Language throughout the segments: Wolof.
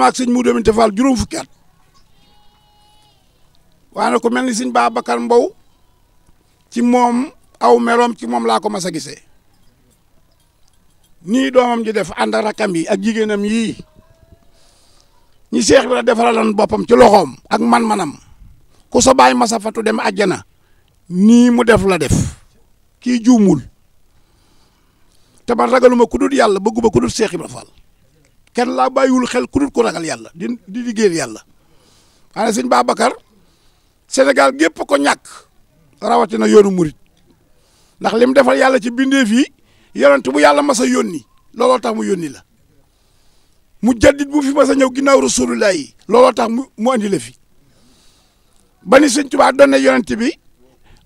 maag sëñ Modou Aminta Fall juróom fukki at waaye nag ku mel ni sëñ Babacar Mbow ci moom aw meloom ci moom laa ko mas a gisee nii doomam ji def ànd ak rakam yi ak jigéenam yi ñi seex bi la defaraloon boppam ci loxoom ak man-manam ku sa baay masa fatu dem àjjana nii mu def la def kii juumul te man ragaluma ku dul yàlla bëgguma ku dul kenn laa bàyyiwul xel ku dul ku ragal yàlla di di liggéeyal yàlla xanaa sëñ Babacar Sénégal gépp ko ñàkk rawatina yoonu murit ndax lim defal yàlla ci bindeef yi yonent bu yàlla mas a yónni looloo tax mu yónni la mu jaddit bu fi mas a ñëw ginnaaw looloo tax mu mu andi la fi ba ni sëñ Tuubaa doon na bi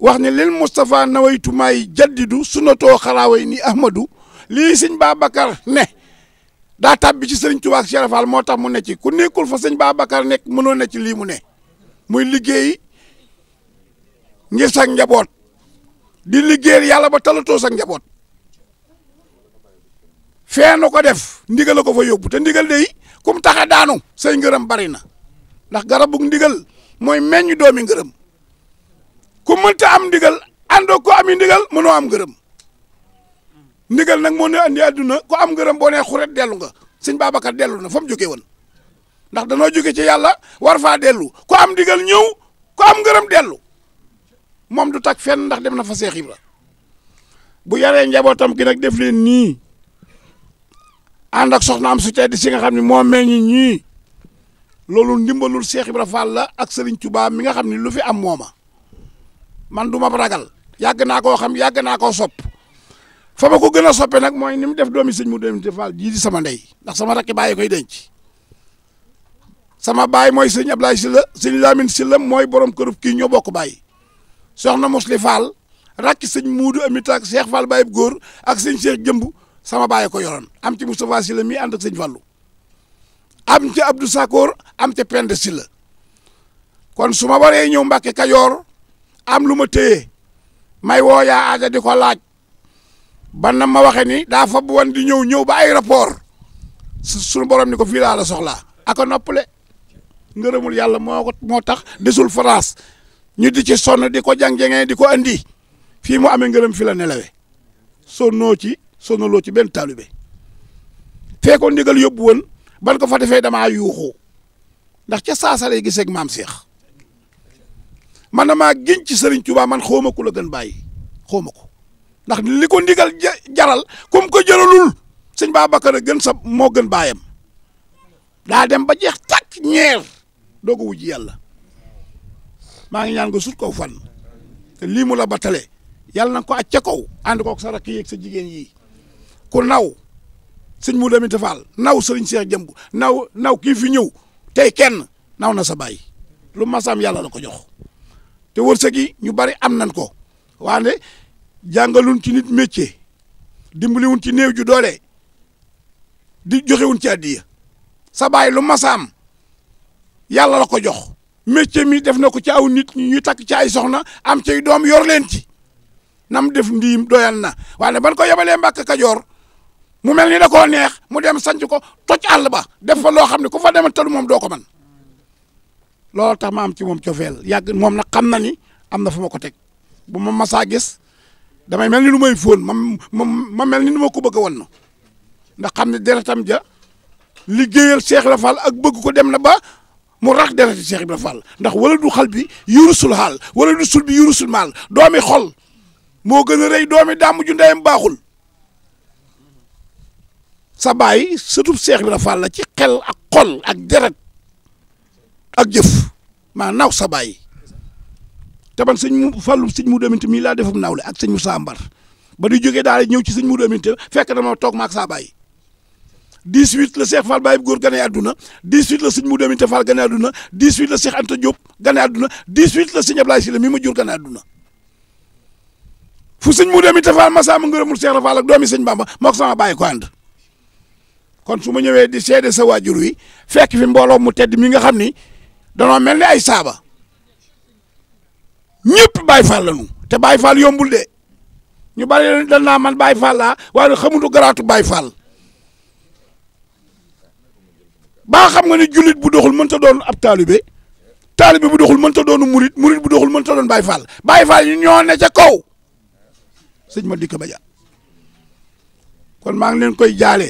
wax ni lil Moustapha nawaytu maay jaddidu sunnatoo xaraaway ni Ahmadu lii sëñ Babacar ne. daa tàbbi ci sëriñ Tuubaa ak moo tax mu ne ci ku nekkul fa baa Babacar nekk mënoo ne ci lii mu ne muy liggéey ngir sa njaboot di liggéeyal yàlla ba talatoo sa njaboot fee na ko def ndigal la ko fa yóbbu ndigal day kum tax daanu say ngërëm bari na ndax garabu ndigal mooy meññ doomi ngërëm ku mënta am ndigal àndoo ko ami ndigal mënoo am ngërëm ndigal nag moo ne andi àdduna ku am ngërëm boo nee xuret dellu nga sëñ Babacar dellu na fa mu jógee woon ndax danoo jóge ci yàlla war faa dellu ko am ndigal ñëw ku am ngërëm dellu moom du tag fenn ndax dem na fa Seex Ibra bu yaree njabootam gi nag def leen nii ànd ak soxnaam su tedd si nga xam ne moo meññ ñii loolu ndimbalul Seex Ibra Fall la ak sëriñ Touba mi nga xam ne lu fi am mooma man du ma ragal yàgg naa koo xam yàgg naa ko sopp fa ma ko gën a soppe nag mooy ni mu def doomi sëñ mu dem di Fall jii di sama ndey ndax sama rakki baay koy denc sama baay mooy sëñ Ablaye Sylla sëñ Lamine Sylla mooy borom kërub kii ñoo bokk baay soxna Musli Fall rakki sëñ Muudu Amita ak Cheikh Fall baayub góor ak sëñ Cheikh Jëmb sama baay ko yoroon am ci Moustapha Sylla mi ànd ak sëñ am ci Abdou am ca Penda Sylla kon su ma waree ñëw Mbàkke Kajoor am lu ma téye may woo yaa aaja laaj ban na ma waxee ni daa fa bu wan di ñëw ñëw ba aéroport sunu borom ni ko fii laa la soxlaa aka le ngërëmul yàlla moo moo tax desul France ñu di ci sonn di ko jàng-jangee di ko andi fii mu amee ngërëm fi la nelawe sonnoo ci sonnaloo ci benn taalibe fee ko ndigal yóbbu woon ban ko fa defee dama yuuxu ndax ca saasalay gi ak maam Cheikh man damaa giñ ci Serigne Touba man xawma ku la gën bàyyi xawma ko ndax li ko ndigal jaral comme ko jëralul sëñ Babacar a gën sa moo gën baayam daa dem ba jeex takk ñeer doo ko wujji yàlla maa ngi ñaan ko sut kaw fan te lii mu la ba tale yàlla na ko acca kaw ànd kook sa rakk yeeg sa jigéen yii ko naw sëñ mu demit faal naw sëriñ Seex Jëmb naw naw kii fi ñëw tey kenn naw na sa baay lu masaam yàlla la ko jox te wërsëg yi ñu bari am nan ko waane jàngaluñ ci nit métier dimbaliwuñ ci néew ju doole di joxewuñ ci àddiya sa baay lu masaam yàlla la ko jox métier mi def na ko ci aw nit ñuy takk ci ay soxna am ci doom yor leen ci nam def ndiim doyal na waaye ban ko yebalee Mbàkke Kajoor mu mel ni da koo neex mu dem sanc ko toj àll ba def fa loo xam ne ku fa demal tëdu moom doo ko man loolu tax ma am ci moom cofeel yàgg moom nag xam na ni am na fu ma ko teg bu ma masaa gis damay mel ni lu may fóon ma ma ma mel ni nu ma ko bëgg a wan na ndax xam ne deretam ja liggéeyal Cheikh Ibra Fall ak bëgg ko dem na ba mu rax dereti Cheikh Ibra Fall ndax wala du xal bi yurusul xaal wala du sul bi yurusul maal doomi xol moo gën a rëy doomi dàmm ju ndeyam baaxul sa baay sëtub Cheikh la Fall la ci xel ak xol ak deret ak jëf maa naaw sa baay te man sëñ mu fàllum sëñ mu deminte mii laa defum nawle ak sëñ mu sambar ba di jógee daal ñëw ci sëñ mu deminte fekk na ma toog maak saa bàyyi 18 la Cheikh Fall Baye góor gane àdduna 18 la sëñ mu deminte Fall gane àdduna 18 la Cheikh Anta Diop gane àdduna 18 la sëñ Ablaye Sylla mi ma jur gane àdduna fu sëñ mu deminte Fall masaa ma ngërëmul Cheikh Fall ak doomi sëñ Bamba mook sama bàyyi ko kon su ma ñëwee di seede sa waajur wi fekk fi mbooloo mu tedd mi nga xam ni danoo mel ni ay saaba ñépp Baye Fall lañu te Baye Fall yombul de ñu bari dañ naa man Baye Fall laa waaye baa xam nga ni julit bu doxul mënta doon ab taalibe taalibe bu doxul mënta doonu murit murit bu doxul mënta doon Baye Fall Baye Fall ñu ñoo ne ca kaw sëñ ma dikk baja kon maa ngi leen koy jaale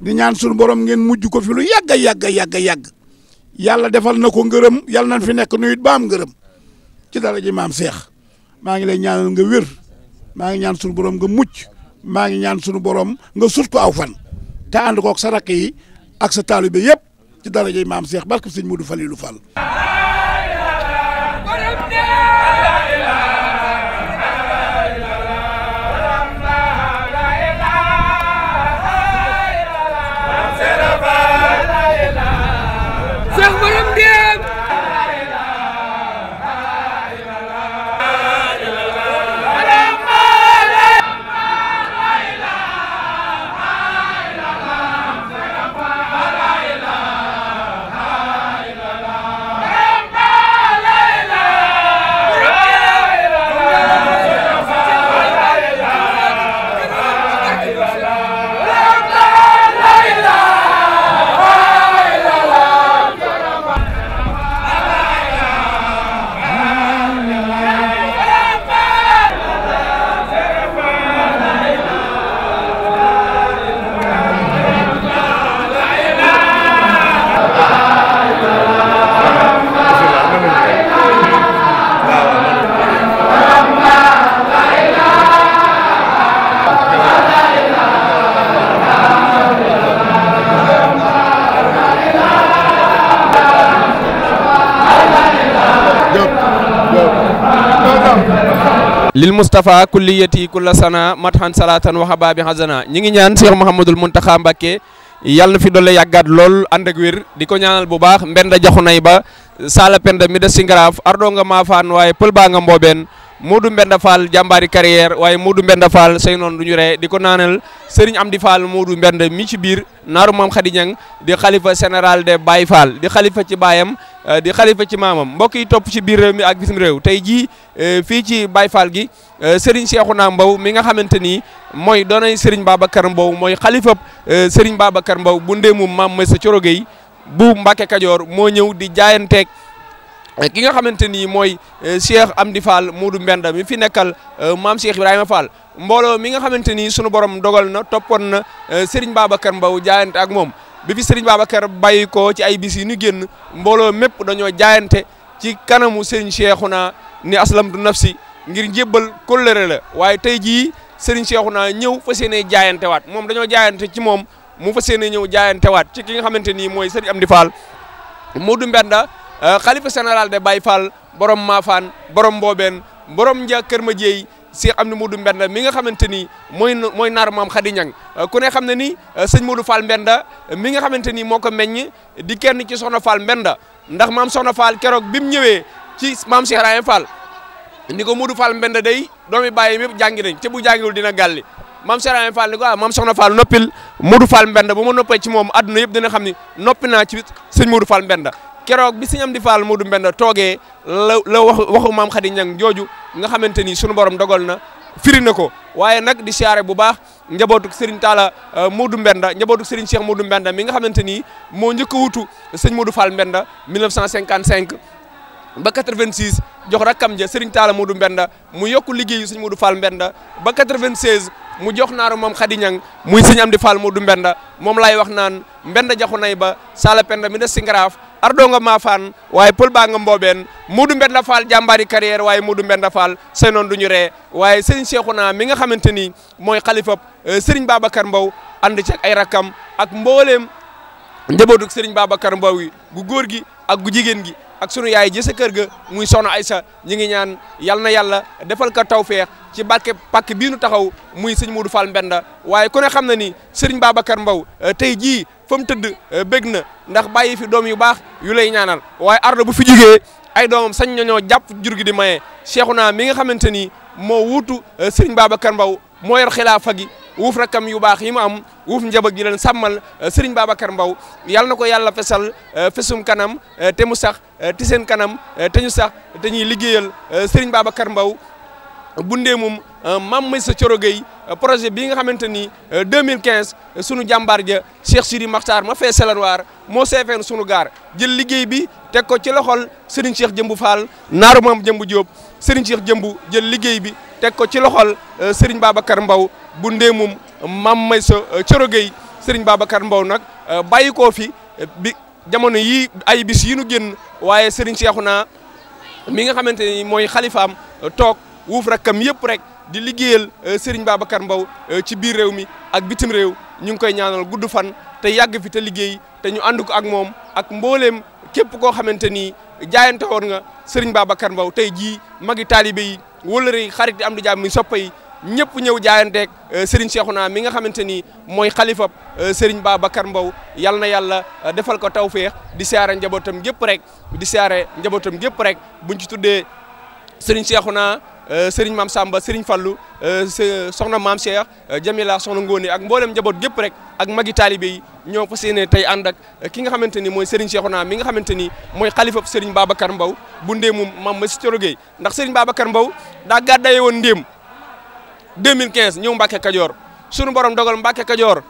di ñaan suñu borom ngeen mujj ko fi lu yàgg a yàgg a yàgg yàlla defal na ko ngërëm yàlla nañ fi nekk nuyut baam am ci dara ji maam Seex maa ngi lay ñaanal nga wér maa ngi ñaan sunu borom nga mucc maa ngi ñaan sunu borom nga sut ko aw fan te ànd koog sa rakk yi ak sa taalibe yëpp ci dara ji maam Seex barke sëñ Modou Falilou Fall. lil Moustapha kulliyati kulla sana mathan salatan wa hababi hazana ñi ngi ñaan Cheikh Mouhamadul Mountakha Mbacké yàlla na fi doole yàggaat lool ànd ak wér di ko ñaanal bu baax mbenda jaxu nay ba sala penda mi des si ar ardo nga maafaan waaye pël baa nga mboobeen Modou Mbenda Fall jàmbaari carrière waaye Modou Mbenda Fall say noonu du ñu ree di ko naanal Serigne Amdi Fall Modou Mbenda mi ci biir naaru maam Khady di xalifa général de Baye Fall di xalifa ci baayam euh, di xalifa ci maamam mbokk yi topp ci biir réew mi ak bisim réew tey jii euh, fii ci Baye Fall gi euh, Serigne Cheikhouna Mbow mi nga xamante ni mooy doonay Serigne Babacar Mbow mooy xalifab Serigne Babacar Mbow bu ndéemum maam Massa Thioro Gueye bu Mbacke Kajoor moo ñëw di jaayanteeg. Eh, ki nga xamante ni mooy eh, Cheikh Amdi Fall Modou Mbenda mi fi nekkal eh, maam Cheikh Ibrahima Fall mbooloo mi nga xamante ni sunu borom dogal na toppoon na Serigne Babacar mbaw jaayante ak moom bi fi Serigne Babacar bàyyi ko ci ay bis yi ñu génn mbooloo mépp dañoo jaayante ci kanamu Serigne na ni aslamtu nafsi ngir njébbal kóllëre la waaye tey jii Serigne na ñëw fa yéenee jaayante waat moom dañoo jaayante ci moom mu fas yéenee ñëw jaayante waat ci ki nga xamante ni mooy Serigne Amdi Fall Modou Mbenda. Euh, xalifa général de Baye Fall borom Maafaan borom Mboobeen borom Nja Kër ma si Cheikh Amdi Modou Mbenda mi nga xamante ni mooy mooy naar maam Khady Niang euh, ku ne xam ne ni euh, sëñ Modou Fall Mbenda mi nga xamante ni moo ko meññ di kenn ci Soxna Fall Mbenda ndax maam Soxna Fall keroog bi mu ñëwee ci maam Cheikh Rahim Fall ni ko Modou Fall Mbenda day doomi bàyyi yëpp jàngi nañ te bu jàngiwul dina gàlli maam Cheikh Rahim Fall ni ko ah maam Soxna Fall noppil Modou Fall noppee ci moom adduna yëpp dina xam ni noppi naa ci sëñ Modou Fall Mbenda keroog bi sëñ Amdi Fall Modou Mbenda toogee la la wax waxu maam Khady Niang jooju nga xamante ni sunu borom dogal na firi ko waaye nag di siyaare bu baax njabootu Serigne Talla euh, Modou Mbenda njabootu Serigne Cheikh Modou Mbenda mi nga xamante ni moo njëkk a wutu sëñ Modou Fall Mbenda 1955 ba 86 jox rakkam ja Serigne Talla Modou Mbenda mu yokku liggéeyu sëñ Modou Fall Mbenda ba 96 mu jox naar moom Khady Niang muy sëñ Amdi Fall Modou Mbenda moom laay wax naan. mbenda jaxu nay ba sala penda mi da singaraaf ardonga mafan waaye pël baa nga mbooben mudu mbenda faal jàmbaari carrière waaye mudu mbenda faal sey noon du ñu ree waaye sëriñ Cheikhouna mi nga xamante ni mooy xalifab euh, sëriñ Babacar Mbow ànd ci ay rakkam ak mbooleem njabootu sëriñ Babacar Mbow yi gu góor gi ak gu jigéen gi ak sunu yaay ji sa kër ga muy ay sa ñi ngi ñaan yal na yàlla defal ko tawfeex ci barke pàkk bii nu taxaw muy sëñ Modou Fall Mbenda waaye ku ne xam na ni sëriñ Babacar Mbow euh, tey jii fa mu tëdd euh, bég na ndax bàyyi fi doom yu baax yu lay ñaanal waaye Ardo bu fi jugee ay doom sañ nañoo jàpp jur gi di maye Cheikhouna mi nga xamante ni moo wuutu euh, sëriñ Babacar mbaw moo yor xilaafa gi wuuf rakkam yu baax yi mu am wuuf njaboot gi leen sàmmal euh, Serigne Babacar Mbow yàlla na ko yàlla fesal euh, fesum kanam euh, te mu sax te seen kanam teñu ñu sax te ñuy liggéeyal Serigne Babacar Mbow Boundé mam euh, Mame sa Thioro Gueye euh, projet bii nga xamante ni 2015 euh, sunu jàmbaar ja Cheikh suri Makhtar ma fee Selanwaar moo seefeen sunu gaar jël liggéey bi teg ko ci loxol Serigne Cheikh Jëmbu Fall naaru maam Jëmbu Diop Serigne Cheikh Jëmbu jël liggéey bi teg ko ci loxol Serigne Babacar Mbow Boundé moom mam Maysa sa Gueye Serigne Babacar Mbow nag bàyyi koo fi bi jamono yii ay bis yi nu génn waaye Serigne Cheikhouna mi nga xamante ni mooy xalifaam toog. wuuf rakkam yëpp rek di liggéeyal euh, Serigne Babacar Mbow euh, ci biir réew mi ak bitim réew ñu ngi koy ñaanal gudd fan te yàgg fi te liggéey te ñu ànd ko ak moom ak mbooleem képp koo xamante ni jaayante woon nga ba Babacar Mbow tey jii magi taalibe yi wóllare yi xarit yi am di jàmm mi soppa yi ñëpp ñëw jaayanteeg euh, Serigne Cheikhouna mi nga xamante ni mooy xalifab Serigne Babacar Mbow yal na yàlla defal ko taw tawféex di siyaare njabootam gépp rek di siyaare njabootam gépp rek buñ ci tuddee Serigne Cheikhouna Euh, Serigne Maam Samba Serigne Fallou euh, soxna Maam Cheikh euh, Jamila soxna Ngóone ak mboolem njaboot gépp rek ak magi taalibe ñoo fas yéene tey ànd ak ki nga xamante ni mooy Serigne Cheikhouna mi nga xamante ni mooy xalifa Serigne Babacar Mbow bu ndéemum Maam Massi Thioro Gueye ndax Serigne Babacar Mbow daa gàddaye woon ndéem 2015 ñëw Mbacke Kajoor sunu borom dogal Mbacke Kajoor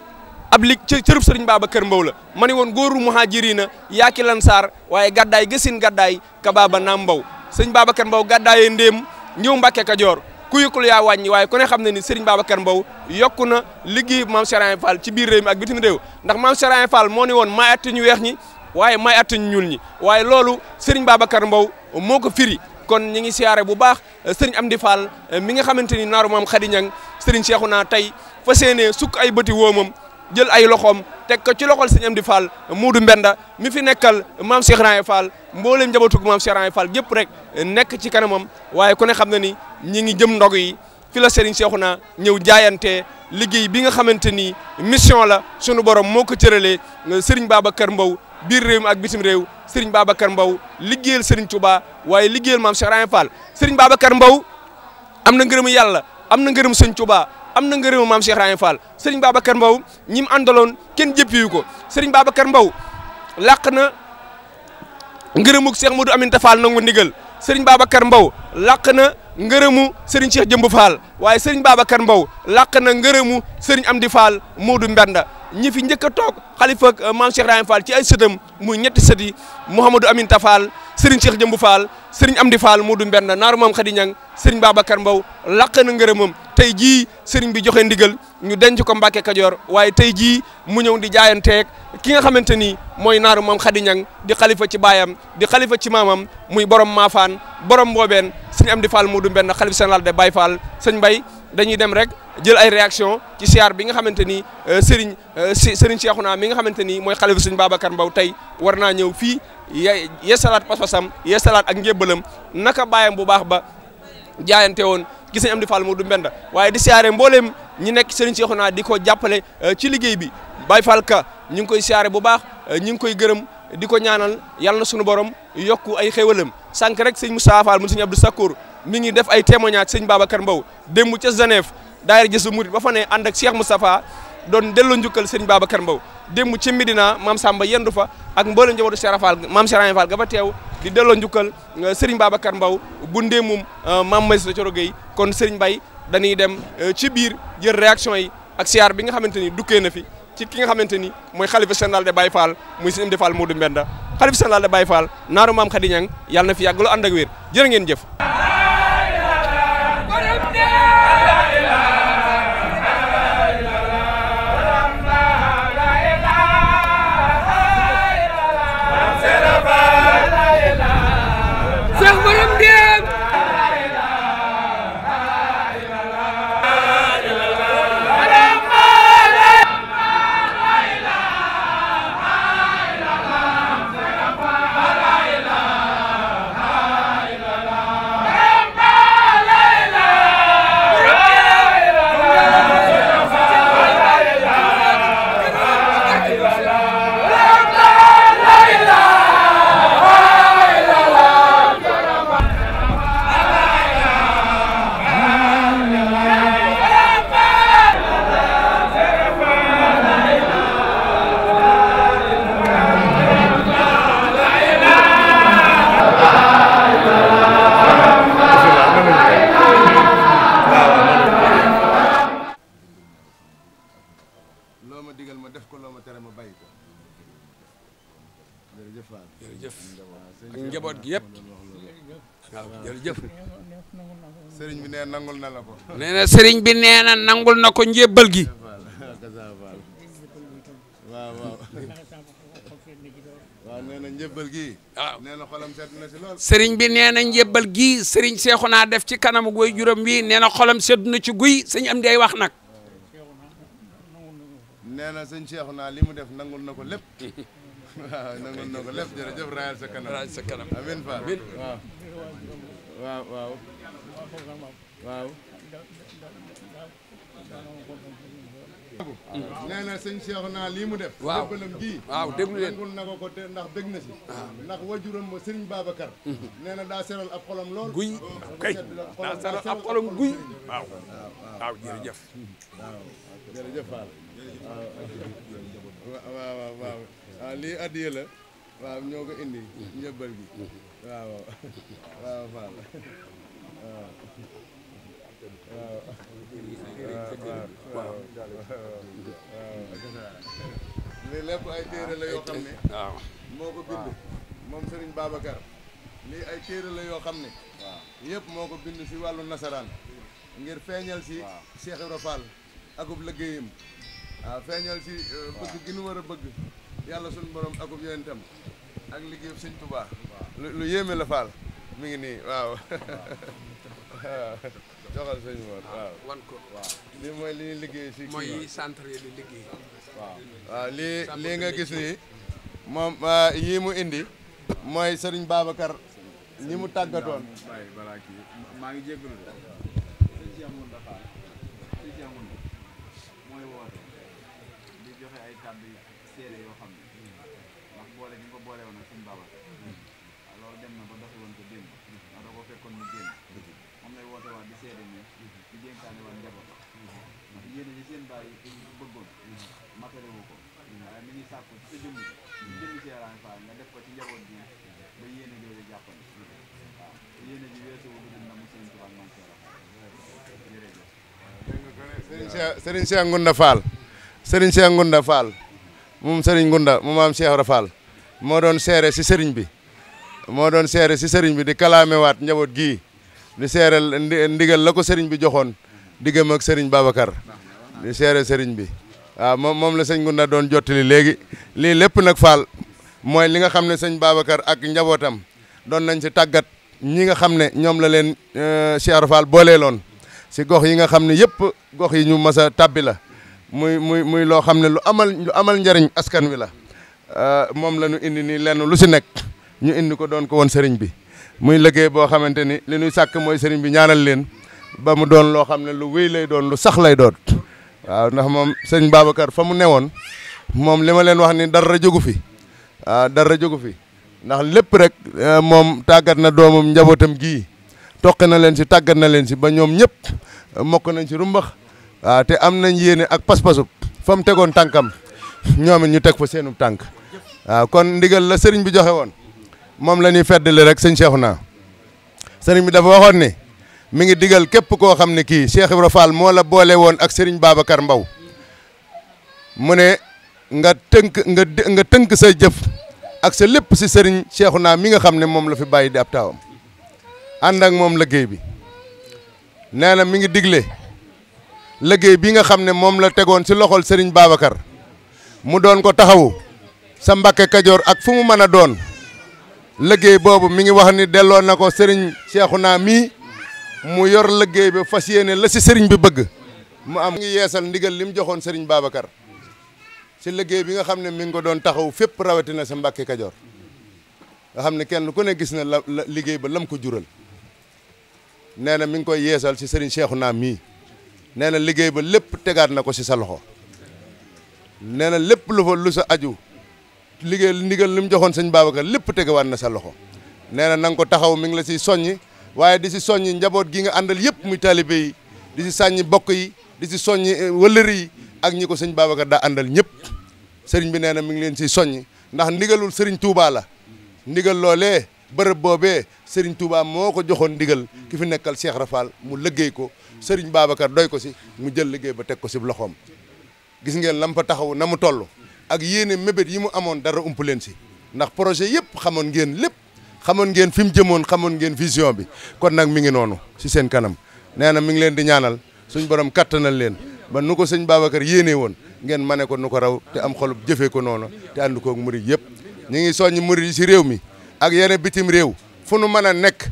ab lig cërub Serigne Babacar Mbow la ma ne woon góoru muhajirina yaaki lan saar waaye gàddaay gësin gàddaay ka baaba naam Mbow Serigne Babacar Mbow gàddaayee ndéem ñëw Mbàkke Kajoor ku yëkkul yaa wàññi waaye kone ne xam ne ni Serigne Babacar Mbow yokku na liggéey Maam Serigne Fall ci biir réew mi ak bitim réew ndax Maam Serigne Fall moo ni woon maay atte ñu weex ñi waaye maay atte ñuul ñi waaye loolu Serigne Babacar Mbow moo ko firi kon ñi ngi siyaare bu baax eh, Serigne Amdi Fall eh, mi nga xamante ni naaru maam Khady Niang Serigne Cheikhouna tey fas yéene sukk ay bëti woomam jël ay loxoom teg ko ci loxol sëñ Amdi Fall Moodu Mbenda mi fi nekkal maam Cheikh Raye Fall mbooleem njabootug maam Cheikh Raye Fall gépp rek nekk ci kanamam waaye ku ne xam na ni ñi ngi jëm ndog yi fi la Serigne Cheikhouna ñëw jaayante liggéey bi nga xamante ni mission la sunu borom moo ko cëralee Serigne Babacar Mbow biir réew mi ak bitim réew Serigne Babacar Mbow liggéeyal Serigne Touba waaye liggéeyal maam Cheikh Raye Fall Serigne am na ngërëmu yàlla am na ngërëm sëñ Touba am na nga réew maam Cheikh Rahim Fall sëriñ Babacar Mbow ñi mu àndaloon kenn jëppiwu ko sëriñ Babacar Mbow làq na ngërëmuk Cheikh Modou Aminta Fall nangu ndigal sëriñ Babacar mbaw làq na ngërëmu sëriñ Cheikh Jëmb Fall waaye sëriñ Babacar Mbow làq na ngërëmu sëriñ Amdi Fall Modou Mbenda ñi fi njëkk a toog xalifa ak maam Cheikh Rahim Fall ci ay sëtam muy ñetti sët yi Mouhamadou Aminta Fall sëriñ Cheikh Jëmb am di faal Fall Modou Mbenda naaru maam Khady Niang sëriñ Babacar Mbow laq na ngërëmam tey jii seriñ bi joxe ndigal ñu denc ko Mbàkke Kajoor waaye tey jii mu ñëw di jaayanteeg ki nga xamante ni mooy naaru moom Khady Niang di xalifa ci baayam di xalifa ci maamam muy borom maafaan borom mboobeen sëriñ di Fall mu du benn xalifa général de Baye Fall sëñ Bay dañuy dem rek jël ay réaction ci siyaar bi nga xamante ni euh, Serigne euh, Serigne Cheikhouna mi nga xamante ni mooy xalifa Serigne Babacar Mbow tey war naa ñëw fii ya yesalaat pas-pasam yesalaat ak njébbalam naka bàyyam bu baax ba jaayante woon gis am di Fall Modou Mbenda waaye di siyaare mbooleem ñi nekk Serigne naa di ko jàppale euh, ci liggéey bi Baye Fall ka ñu ngi koy siyaare bu baax euh, ñu ngi koy gërëm di ko ñaanal yàlla na borom yokku ay xéwalam sànq rek sëñ Moussa Fall mu sëñ Abdou Sakkour mi ngi def ay témoignage sëñ Babacar Mbow démb ca Genève daayira Jësu Murit ba fa ne ànd ak Cheikh Moustapha don delloo njukkal sëriñ Babacar Mbow démb ci Medina maam Samba yendu fa ak mboolem njabootu Cheikh Rafal maam Cheikh Rafal ga fa teew di delloo njukkal euh, sëriñ Babacar Mbow bu ndéemum euh, maam Maïssa Thioro Gueye kon sëriñ Bay dañuy dem euh, ci biir jël réaction yi ak siyaar bi nga xamante ni dukkee na fi ci ki nga xamante ni mooy xalifa général de Baye Fall muy sëriñ de Fall Modou Mbenda xalifa général de Baye Fall naaru maam Khady Niang yàlla na fi yàgg lu ànd ak wér ngeen jëf sëriñ bi neena na na ko njébbal gi njëbbal gi na xolam sedd na ci lool bi nee na njëbbal gii sëriñ seexu naa def ci kanamu goy juróom wi nee na xolam sedd na ci guy sëñ am day wax nag nee na sëñ seexu naa li mu def nangul na ko lépp waaw nangul na ko lépp jërëjëf raayal sa kanam raayal sa kanam nee na sëñ naa lii mu def waaw dëbbalam gii waaw déglu leen ko ko ndax bég na si ndax wajuram ma sëriñ Babacar nee na daa seral ab xolam lool guy kay daa seral waaw waaw waaw ah, lii addiye la waaw ñoo ko indi njëbbal gi waaw waaw Fall waaw waaw li lépp ay téere la yoo xam ne waaw moo ko bind sëriñ Babacar lii ay téere la yoo xam ne yëpp moo ko bind si wàllu nasaraan ngir feeñal si Cheikh Ibra Fall akub liggéeyam feeñal si euh, bëgg gi nu war a bëgg yàlla suñu borom agub yonentam ak liggéeyam sëñ Tuubaa lu yéeme la Fall mi ngi nii waaw joxal sëñ Mor ah, wan ko waaw lii mooy li ñuy liggéey si mooy centre yi di liggéey waaw waaw lii nga gis ni moom ah, yii mu indi mooy sëriñ kar ñi mu tàggatoon maa ngi jégalu de sàkku ci sa jëmm jëmm Cheikh mu sëriñ Tuubaa moom moom sëriñ Ngunda mu maam Cheikh Ibra moo doon seere si sëriñ bi moo doon seere si sëriñ bi di kalaamewaat njaboot gii di seereel ndigal la ko sëriñ bi joxoon diggam ak sëriñ Babacar di seere sëriñ bi waaw ah, moom moom la sëñ Ngunda doon jottali léegi lii lépp nag faal mooy li nga xam ne sëñ Babacar ak njabootam doon nañ si tàggat ñi nga xam ne ñoom la leen eh, Cheikh Fall loon si gox yi nga xam ne yëpp gox yi ñu mas a tàbbi la muy muy muy loo xam ne lu amal amal njariñ askan wi la ah, moom la ñu indi nii lenn lu si nekk ñu indi ko doon ko woon sëriñ bi muy liggéey boo xamante ni li ñuy sàkk mooy sëriñ bi ñaanal leen ba mu doon loo xam ne lu wéy lay doon lu sax lay doon waaw ndax moom sëñ Babacar fa mu newoon moom li ma leen wax ni dara jógu fi waaw dara jógu fi ndax lépp rek eh, moom tàggat na doomam njabootam gii toqe na leen si tàggat na leen si ba ñoom ñëpp eh, mokk nañ si rumbax waaw te am nañ yéene ak pas fa mu tegoon tànkam ñoom ñu teg fa seenub tànk waaw kon ndigal la sëriñ bi joxe woon moom la ñuy feddali rek sëñ Cheikhouna sëriñ bi dafa waxoon ni mi ngi digal képp koo xam ne kii Cheikh Ibra moo la boole woon ak Serigne Babacar mbaw mu ne nga tënk nga nga tënk sa jëf ak sa lépp si sëriñ Serigne naa mi nga xam ne moom la fi bàyyi di ab taawam ànd ak moom liggéey bi nee na mi ngi digle liggéey bi nga xam ne moom la tegoon si loxol Serigne Babacar mu doon ko taxawu sa Mbàkke Kajoor ak fu mu mën a doon liggéey boobu mi ngi wax ni delloo na ko Serigne naa mii mu yor liggéey bi fas yéene la si sëriñ bi bëgg mu am ngi yeesal ndigal li mu joxoon sëriñ Babacar si liggéey bi nga xam ne mi ngi ko doon taxaw fépp rawatina sa Mbàkke Kajoor nga xam ne kenn ku ne gis na la liggéey ba lam ko jural nee na mi ngi koy yeesal si sëriñ naa mii nee na liggéey ba lépp tegaat na ko si sa loxo nee na lépp lu lu sa aju liggéey ndigal li mu joxoon sëñ Babacar lépp tegawaat na sa loxo nee na ko taxaw mi ngi la si soññi waaye di si soññ njaboot gi nga àndal yëpp muy taalibe di si sàññi bokk yi di si soññ eh, wëllëri yi ak ñi ko sëñ Babacar daa àndal ñëpp sëriñ bi nee na mi ngi leen siy soññ ndax ndigalul sëriñ Touba la ndigal loole bërëb boobee sëriñ Touba moo ko joxoon ndigal ki fi nekkal Cheikh Rafal mu liggéey ko sëriñ Babacar doy ko si mu jël liggéey ba teg ko si loxoom gis ngeen lam fa taxaw na mu toll ak yéene mébét yi mu amoon dara ump leen si ndax projet yëpp xamoon ngeen lépp xamoon ngeen fi mu jëmoon xamoon ngeen vision bi kon nag mi ngi noonu si seen kanam nee na mi ngi leen di ñaanal suñ borom kattanal leen ba nu ko sëñ Babacar yéenee woon ngeen mane ko nu ko raw te am xolub jëfee ko noonu te ànd koog murid yëpp ñu ngi soññ murid yi si réew mi ak yeneen bitim réew fu nu mën a nekk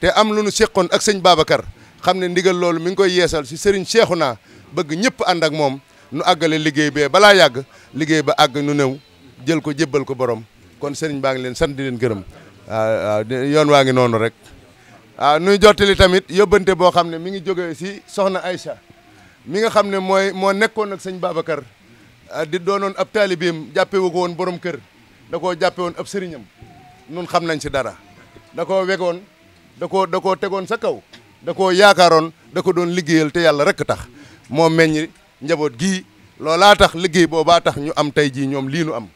te am lu nu seqoon ak sëñ Babacar xam ne ndigal loolu mi ngi koy yeesal si sëriñ naa bëgg ñëpp ànd ak moom nu àggale liggéey bee balaa yàgg liggéey ba àgg nu néew jël ko jébbal ko borom kon sëriñ baa ngi leen sant di leen gërëm Ah, ah, yoon waa ngi noonu rek waaw ah, nuy jottali tamit yóbbante boo xam ne mi ngi jóge si soxna ay Aïcha mi nga xam ne mooy moo nekkoon ak sëñ Babacar di doonoon ab taalibeem jàppewu ko woon borom kër da jàppewoon ab sëriñam nun xam nañ si dara da koo wegoon da koo da tegoon sa kaw da koo yaakaaroon da ko doon liggéeyal te yàlla rek tax moo meññ njaboot gii loolaa tax liggéey boobaa tax ñu am tey jii ñoom lii nu am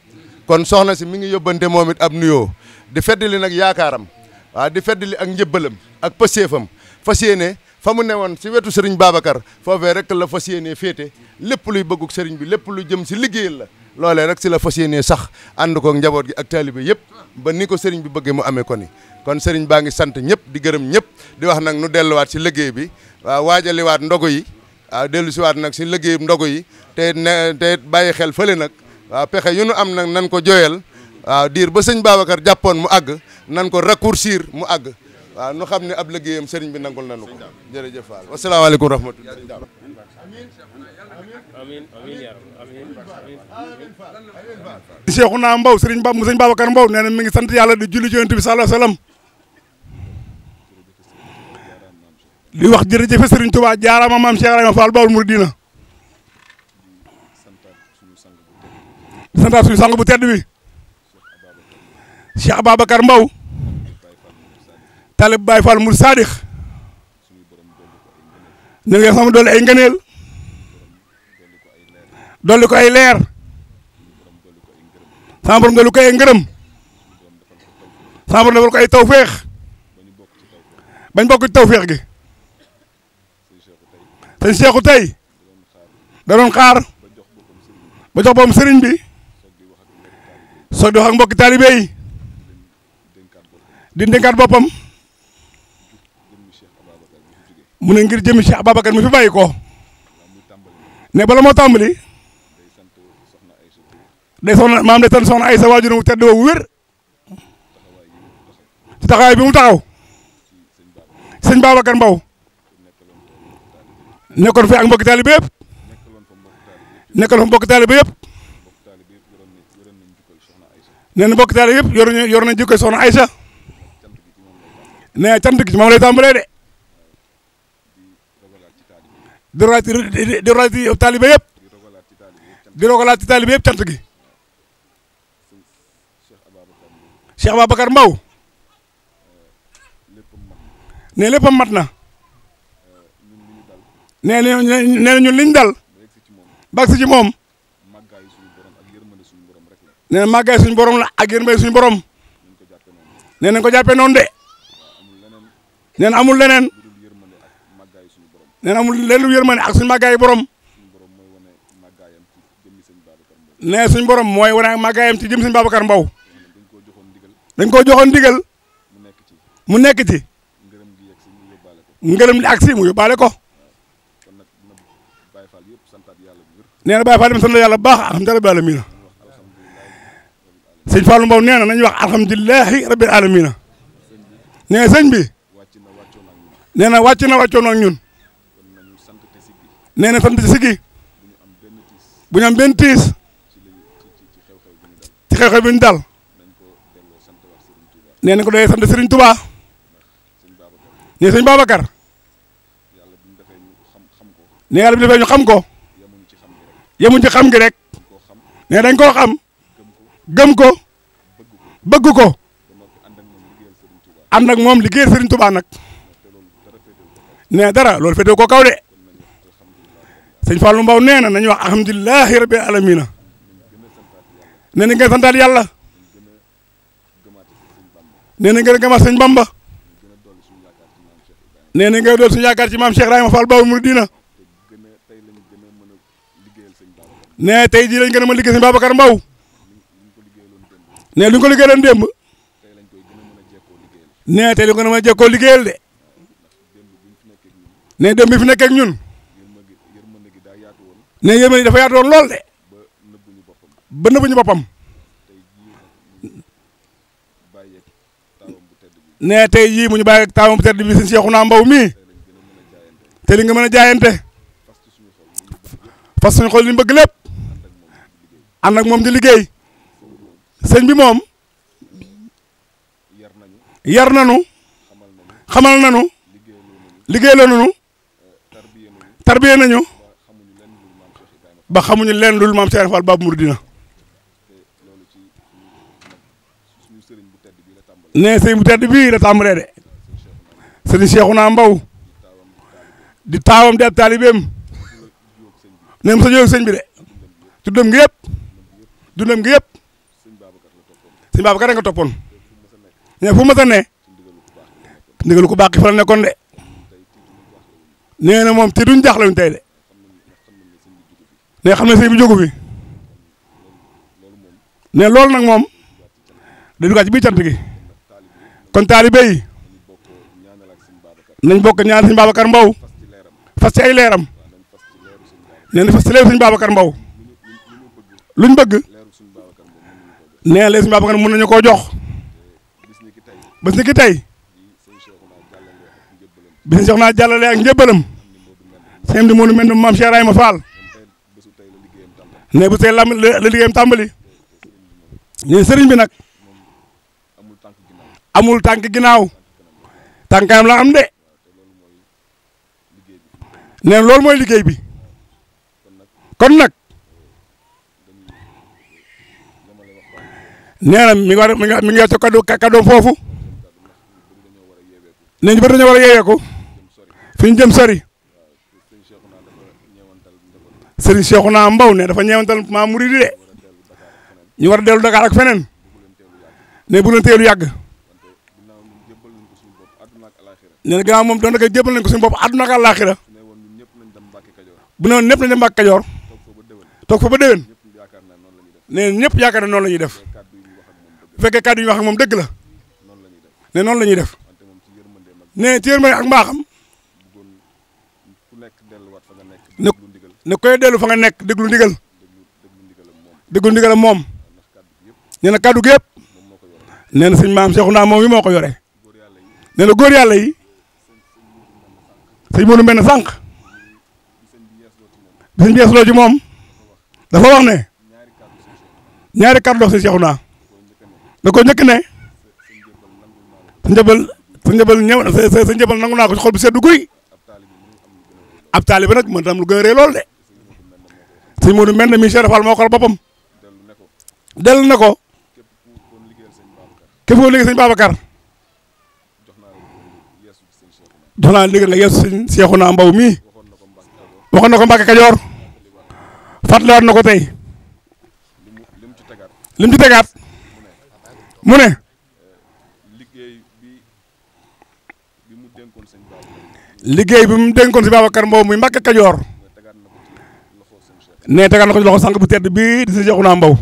kon soxna si mi ngi yóbbante moom it ab nuyoo di feddali nag yaakaaram waaw di feddali ak njëbbalam ak pëseefam fas yéene fa mu ne woon si wetu sëriñ Babacar foofee rek la fas yéene féete lépp luy bëgguk sëriñ bi lépp lu jëm si liggéeyal la loolee rek si la fas yéene sax ànd ko njaboot gi ak taalibe yëpp ba ni ko sëriñ bi bëggee mu amee ko ni kon sëriñ baa ngi sant ñëpp di gërëm ñëpp di wax nag nu delluwaat si liggéey bi waaw waajaliwaat ndogu yi waaw dellu siwaat nag si liggéey ndogo yi te bàyyi xel fële nag pexe yu nu am nag nan ko jooyal waaw diir ba sëñ Babacar jàppoon mu àgg nan ko raccourcir mu àgg waaw nu xam ne ab liggéeyam sëriñ bi nangul nanu ko jërëjëf Fall wasalaamaaleykum rahmatulah di seexu naa mbaw sëriñ ba mu sëñ Babacar mbaw nee na mi ngi sant yàlla di julli ci yonent bi sallallahu alayhi li wax jërëjëf sëriñ Touba jaaraama maam Cheikh Ibrahima Fall Baol Mouridina santaat suñu sang bu tedd bi Cheikh Ababacar mbaw talib Baye Fall Mour Sadix ñu ngi sama dolli ay ngëneel dolli ko ay leer sama borom dolli ko ay ngërëm sama borom defal ko ay tawféex bañ bokk ci tawféex gi sëñ Cheikhou tey da doon xaar ba jox boppam sëriñ bi soog di wax ak mbokki di dénkaat boppam mu ne ngir jëmi Cheikh Ababacar mi fi bàyyi ko ne bala moo tàmbali day soxna maam day tan soxna ay sa waajur mu tedd woowu wér ci taxawaay bi mu taxaw sëñ Babacar Mbow nekkoon fi ak mbokki taalibe yëpp nekkoon fa mbokki taalibe yëpp nee na mbokki taalibe yëpp yor nañu yor nañu jikko soxna Aysa nee cant gi moom lay tàmbalee de di rogalaat di rogalaat ci taalibe yëpp di rogalaat ci taalibe yëpp cant gi Cheikh Ababacar Mbow ne léppam mat na nee na nee na ñun liñ dal bàgg si ci moom nee na màggaay suñu borom la ak yërmande suñu borom nee nañ ko jàppee noonu de. neen amul leneen neen amul leneen yërmande ak suñu màggaayu borom nee suñu borom mooy wane màggaayam ci jëm suñu Babacar Mbow. dañ koo joxoon ndigal mu nekk ci ngërëm li ak si mu yóbbaale ko nee na Baye Fall dem sant yàlla bu baax alhamdulilah rabbil alamina sëñ Fallou Mbow nee na nañu wax alhamdulilahi rabbil alamina nee sëñ bi. nee na wàcc na wàccoon ak ñun nee na sant sigi bu ñu am benn tiis ci xew-xew bi ñu dal nee na ko doy sant Serigne Touba nee sëñ Babacar nee yàlla bi defee ñu xam ko yemuñ ci xam gi rek nee dañ koo xam gëm ko bëgg ko ànd ak moom liggéeyal Serigne Touba nag. nee dara loolu féetee ko kaw de sëñ Fallou Mbaw nee na nañu wax alhamdulilahi rabbil alamina nee na ngeen santaat yàlla nee na ngeen gëmaat sëñ Bamba nee na ngeen dool suñu yaakaar ci maam Cheikh Ibrahima Fall Baabul Muridiina nee tey jii lañ gën a mën a liggéey sëñ Babacar Mbaw nee lu ñu ko liggéey doon démb nee tey lu ñu ko mën a jekkoo liggéeyal de ne dem bi fi nekk ak ñun ne yërmande dafa yaatu woon lool de ba nëbbuñu boppam ne tey jii mu ñu bàyyi ak taawam bu tedd bi sëñ Cheikhouna Mbaw mii te li nga mën a jaayante fas suñu xol li mu bëgg lépp ànd ak moom di liggéey sëñ bi moom yar nañu xamal nañu liggéey la nañu tarbiye nañu ba xamuñu leen lul maam Cheikh Fall Babu Mouridina nee sëñ bu tedd bii la tàmbalee de sëñ Cheikhouna Mbaw di taawam di ab taalibeem nee sa ñëw sëñ bi de dundam gi yëpp dundam gi yëpp sëñ Babacar nga toppoon nee fu ma sa ne ndigalu ku baax fa la nekkoon de nee na moom te duñ jaaxle tey de ne xam ne sëñ bi jógu fi ne loolu nag moom dañu ko ci biir cant gi kon taalibe yi nañ bokk ñaan sëñ Babacar Mbow fas ci ay leeram nee na fas ci leeru sëñ Babacar Mbow luñ bëgg nee na leeru sëñ Babacar mën nañu koo jox bés ni ki tey bi ñu soxnaa jàllale ak njëbbalam sëñ bi moo nu mel ne maam Cheikh ne bu la la liggéeyam tàmbali ñu sëriñ bi nag amul tànk ginnaaw tànk kanam la am de ne loolu mooy liggéey bi kon nag nee na mi ngi war mi ngi mi ngi yàcc foofu ne ñu bëri dañoo war a fi ñu jëm sori Serigne Cheikhouna Mbaw ne dafa ñeewantal ma muridi de ñu war a dellu Dakar ak feneen ne bu teelu yàgg nee na gannaaw moom doon da jébal nañ ko suñu bopp àdduna ak àllaaxira bu ne woon ñëpp nañ dem Mbàkke Kajoor toog nee na ñëpp ne noonu la ñuy def fekkee kàddu ñu wax moom dëgg la ne noonu la ñuy def nee ci yërmande ak mbaaxam. ne koy dellu fa nga nekk déglu ndigal déglu ndigal moom nee na kàddu gi yëpp nee na sëñ maam Cheikhouna moom yi moo ko yore nee na góor yàlla yi sëñ mënu mel ne sànq bi sëñ bees moom dafa wax ne ñaari kàddu sëñ Cheikhouna da ko njëkk ne sa njëbal sa njëbal ñëw sa naa ko ci xol bu seddu guy ab taalibe nag mën tam lu gën a lool de sëñ Modou mel na mi Cheikh Fall moo xool dellu na ko. képp koo liggéey sëñ Babacar. jox naa liggéey nga yeesu sëñ Seexuna Mbaw mii. waxoon na ko Mbàkke Kajoor. fàttaliwaat na ko tey. lim ci tegaat. mu ne. liggéey bi mu dénkoon sëñ Babacar mi muy Mbàkke Kajoor. nee tegal na ko ci loxo sànq bu tedd bii di si joxu naa mbaw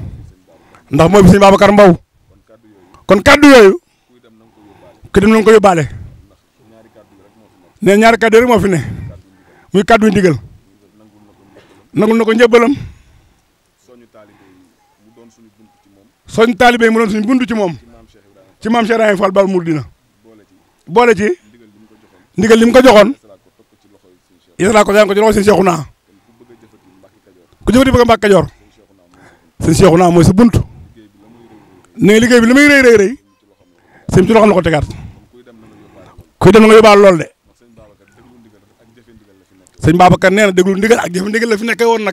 ndax mooy bi sëñ Babacar Mbow kon kàddu yooyu ku dem nañ ko yóbbaale nee ñaari kàddu rek moo fi ne muy kàddu ndigal nangul na ko njëbbalam soñ taalibe mu doon suñu buntu ci moom ci maam Cheikh Ibrahima Fall Baal Mouridina boole ci ndigal li ko joxoon yéen ko yaa ko ci loxo sëñ Cheikhouna ku jëfati bëgg Mbàkke Kajoor sëñ Seexuna mooy sa bunt ne liggéey bi li muy rëy rëy rëy sëñ ci loxo na ko tegaat kuy dem na nga yóbbaale lool de sëñ Babacar nee na déglu ndigal ak jëfe ndigal la fi nekkee woon ne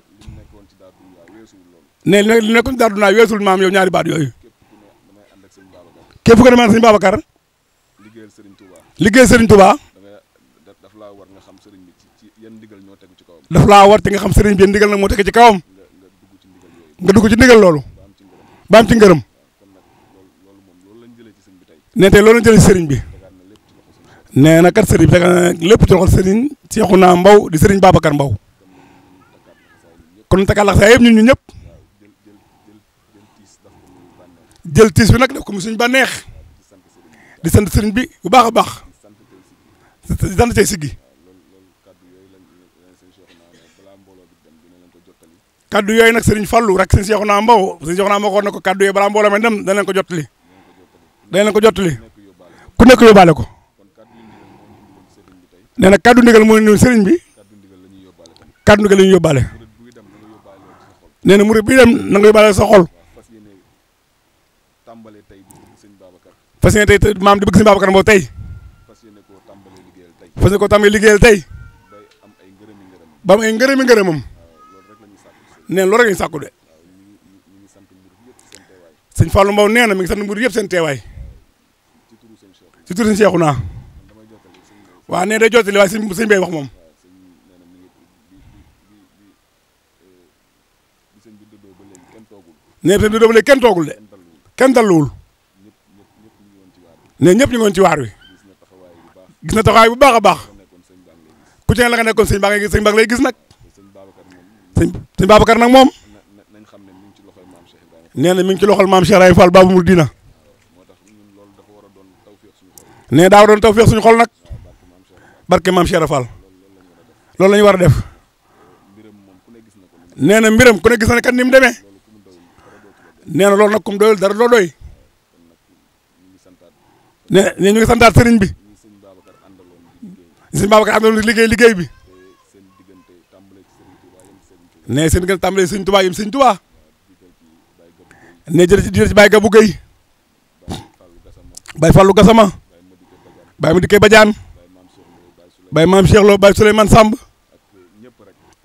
li nekkoon ci daal dunaa weesul maam yow ñaari baat yooyu képp ku ne man sëñ Babacar liggéeyal sëriñ Touba daf laa war te nga xam sëriñ bi ndigal nag moo teg ci kawam nga dugg ci ndigal loolu ba am ci ngërëm nee te loolu lañ jëlee ci sëriñ bi nee na kat sëriñ bi daga lépp ci loxol sëriñ Seexuna Mbaw di sëriñ Babacar Mbaw kon takalax saa yëpp ñun ñu ñëpp jël tiis bi nag def ko mu suñu bànneex di sant sëriñ bi bu baax a baax di sant tey siggi kaddu yooyu nag sëriñ Fallou rek sëriñ Cheikhouna Mbow sëriñ Cheikhouna Mbow waxoon ko kaddu yooyu balaa mbooloo mi dem danañ ko jottali danañ ko jottali ku nekk yóbbaale ko nee na kaddu ndigal moo ñu sëriñ bi kaddu ndigal la ñuy yóbbaale nee na murid bi dem na nga yóbbaale sa xol fas yéene tey maam di bëgg sëriñ Babacar Mbow tey fas yéene koo tàmbalee liggéeyal tey ba am ay ngërëmi ngërëmam neen loolu rek lañ sàkku de sëñ Fallou Mbow nee na mi ngi sant mbir yëpp seen teewaay ci turu sëñ Cheikhouna waaw nee day jottali waaye sëñ sëñ Bay wax moom nee sëñ bi doo ba léegi kenn toogul de kenn dalluwul nee ñëpp ñu ngi woon ci waar wi gis na taxawaay bu baax a baax ku ci ne la nga nekkoon sëñ baa ngay sëñ lay gis nag sëñ sëñ Babacar nag moom nee na mi ngi ci loxol maam Cheikh Ibrahima Fall Babu Mouridina nee daaw doon taw feex suñu xol nag barke maam Cheikh Ibrahima Fall loolu la ñu war a def nee na mbiram ku ne gis na kat ni mu demee nee na loolu nag kum doyul dara doo doy nee ñu ngi santaat sëriñ bi sëñ Babacar àndaloon liggéey liggéey bi. ne seen gën tàmbalee sëñ tubaa yim sëñ tubaa ne jël ci jël ci Baye Gabou Gueye Baye Fallou Gassama Baye Madické Badiane Baye Mame Cheikh Lo Baye Souleymane Samb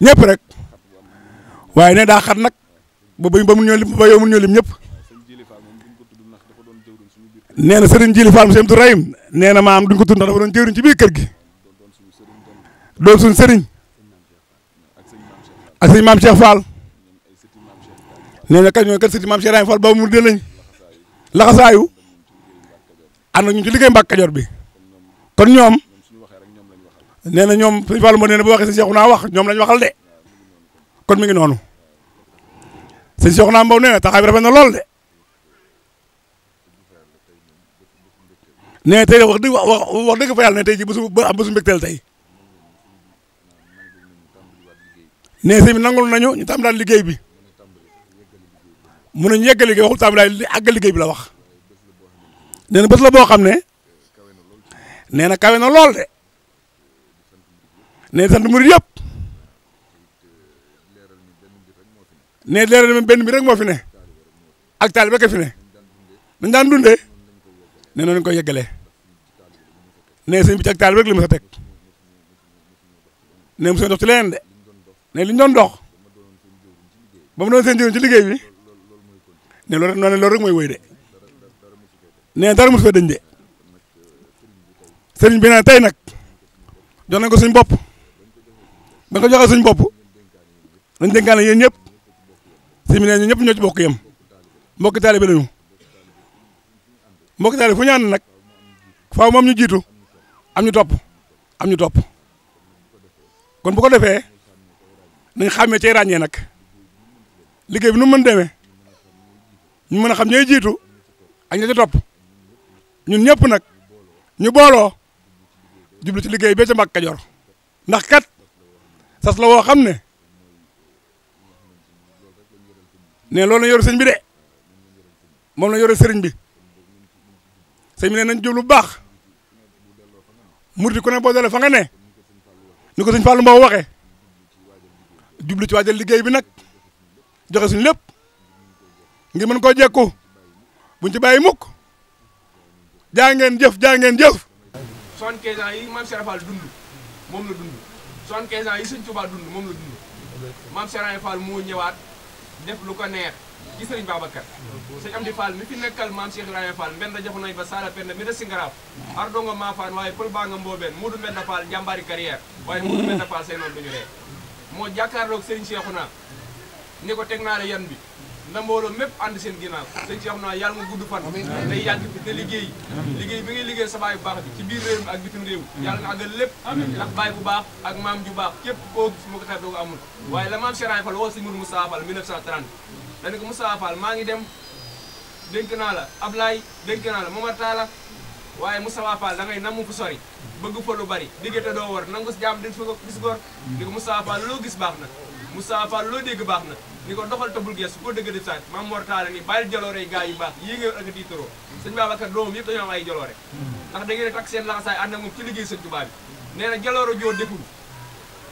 ñëpp rek waaye ne daa xat nag ba ba ba mu ñëw lim ba yow mu ñëw lim ñëpp nee na Serigne Djili Fall Sëñ Abdou Rahim nee na maam duñ ko tudd ndax dafa doon jëwriñ kër gi doon suñu sëriñ ak sëñ maam Cheikh Fall nee na kat ñoom mu dee lañ laxasaayu ànd ñu ci liggéey Mbàkke Kajoor bi kon ñoom nee na ñoom sëñ Fall moo nee na bu waxee sëñ Cheikhouna wax ñoom lañ waxal de kon mi ngi noonu sëñ Cheikhouna Mbow nee na taxaw bi na lool de nee tey wax dëgg wax dëgg fa yàlla ne tey ji bésu ba am bésu tey. ne sëñ bi nangul nañu ñu tàmbalaat liggéey bi mun nañu yeggali liggéey waxul tàmbalaat li àgg liggéey bi la wax nee na bés la boo xam ne nee na kawe lool de nee sant murid yëpp nee leeral mi benn bi rek moo fi ne ak taal bi rek fi ne dañ daan dundee nee noonu nee sëñ bi ci ak taal bi rek nee mu seen dox ci leneen ne li ñu doon dox ba mu doon seen jëriñ ci liggéey bi ne loolu noonu loolu rek mooy wéy de ne dara mosu fee dañ de sëriñ bi ne tey nag jox nañ ko suñ bopp ba nga ko joxee suñ bopp dañ dénkaane yéen ñëpp si mi ne ñu ñëpp ñoo ci bokk yem mbokki taalibe lañu mbokki taalibe fu ñu ànd nag faaw moom ñu jiitu am ñu topp am kon bu ko defee nañ xàmmee cay ràññee nag liggéey bi nu mën demee ñu mën a xam ñooy jiitu ak ña ca topp ñun ñëpp nag ñu booloo jublu ci liggéey bee ca Mbàkke Kajoor ndax kat sas la woo xam ne ne loolu la yor sëñ bi de moom la yore sëriñ bi sëñ bi ne nañ jublu bu baax murti ku ne boo dale fa nga ne ni ko sëñ Fallou Mbow waxee jublu ci waajal liggéey bi nag joxe suñu lépp ngir mën koo jekku buñ ci bàyyi mukk jaa ngeen jëf jaa ngeen jëf. 75 ans maam Serigne Fall dund moom la dund 75 ans yi Serigne moom la dund maam Serigne Fall moo ñëwaat def lu ko neex ci Serigne Babacar Serigne Amdi Fall mi fi nekkal maam Cheikh Ibrahima Fall mbenda jox nañ ba sala penda mi da singaraaf ardongo maa Fall waaye pël baa nga mboobeen Moodu Mbenda Fall njàmbaari carrière waaye Moodu Mbenda Fall say noonu duñu ree moo jàkkaarloog sëñ naa ni ko teg naa la yan bi na mbooloo mépp ànd seen ginnaaw sëñ Cheikhouna yàlla nga gudd fan day yàgg fi te liggéey liggéey bi ngay liggéey sa baay bu baax bi ci biir réew mi ak bitim réew yàlla nga àggal lépp baay bu baax ak maam ju baax képp koo gis mu ko xeeb doo ko amul waaye la maam mu Fall woo sëñ Mourou Moussa Fall 1930 dañ ko Moussa Fall maa ngi dem dénk naa la Ablaye dénk naa la Momar Talla waaye Moustapha Fall da ngay namm fu sori bëgg fa lu bari diggante doo war nangu si jàmm di fa gis góor ni ko Moustapha Fall loo gis baax na Moustapha Fall loo dégg baax na ni ko doxal tabul gees koo dëgg di sànq maam Mor Talla ni bàyyil jaloore yi gars yu baax yii nga ak di turoo sëñ Babacar doomam yëpp dañoo ay jaloore ndax da ngeen takk seen laxasaay ànd ak moom ci liggéey sëñ Tuubaa bi nee na jaloore joo deful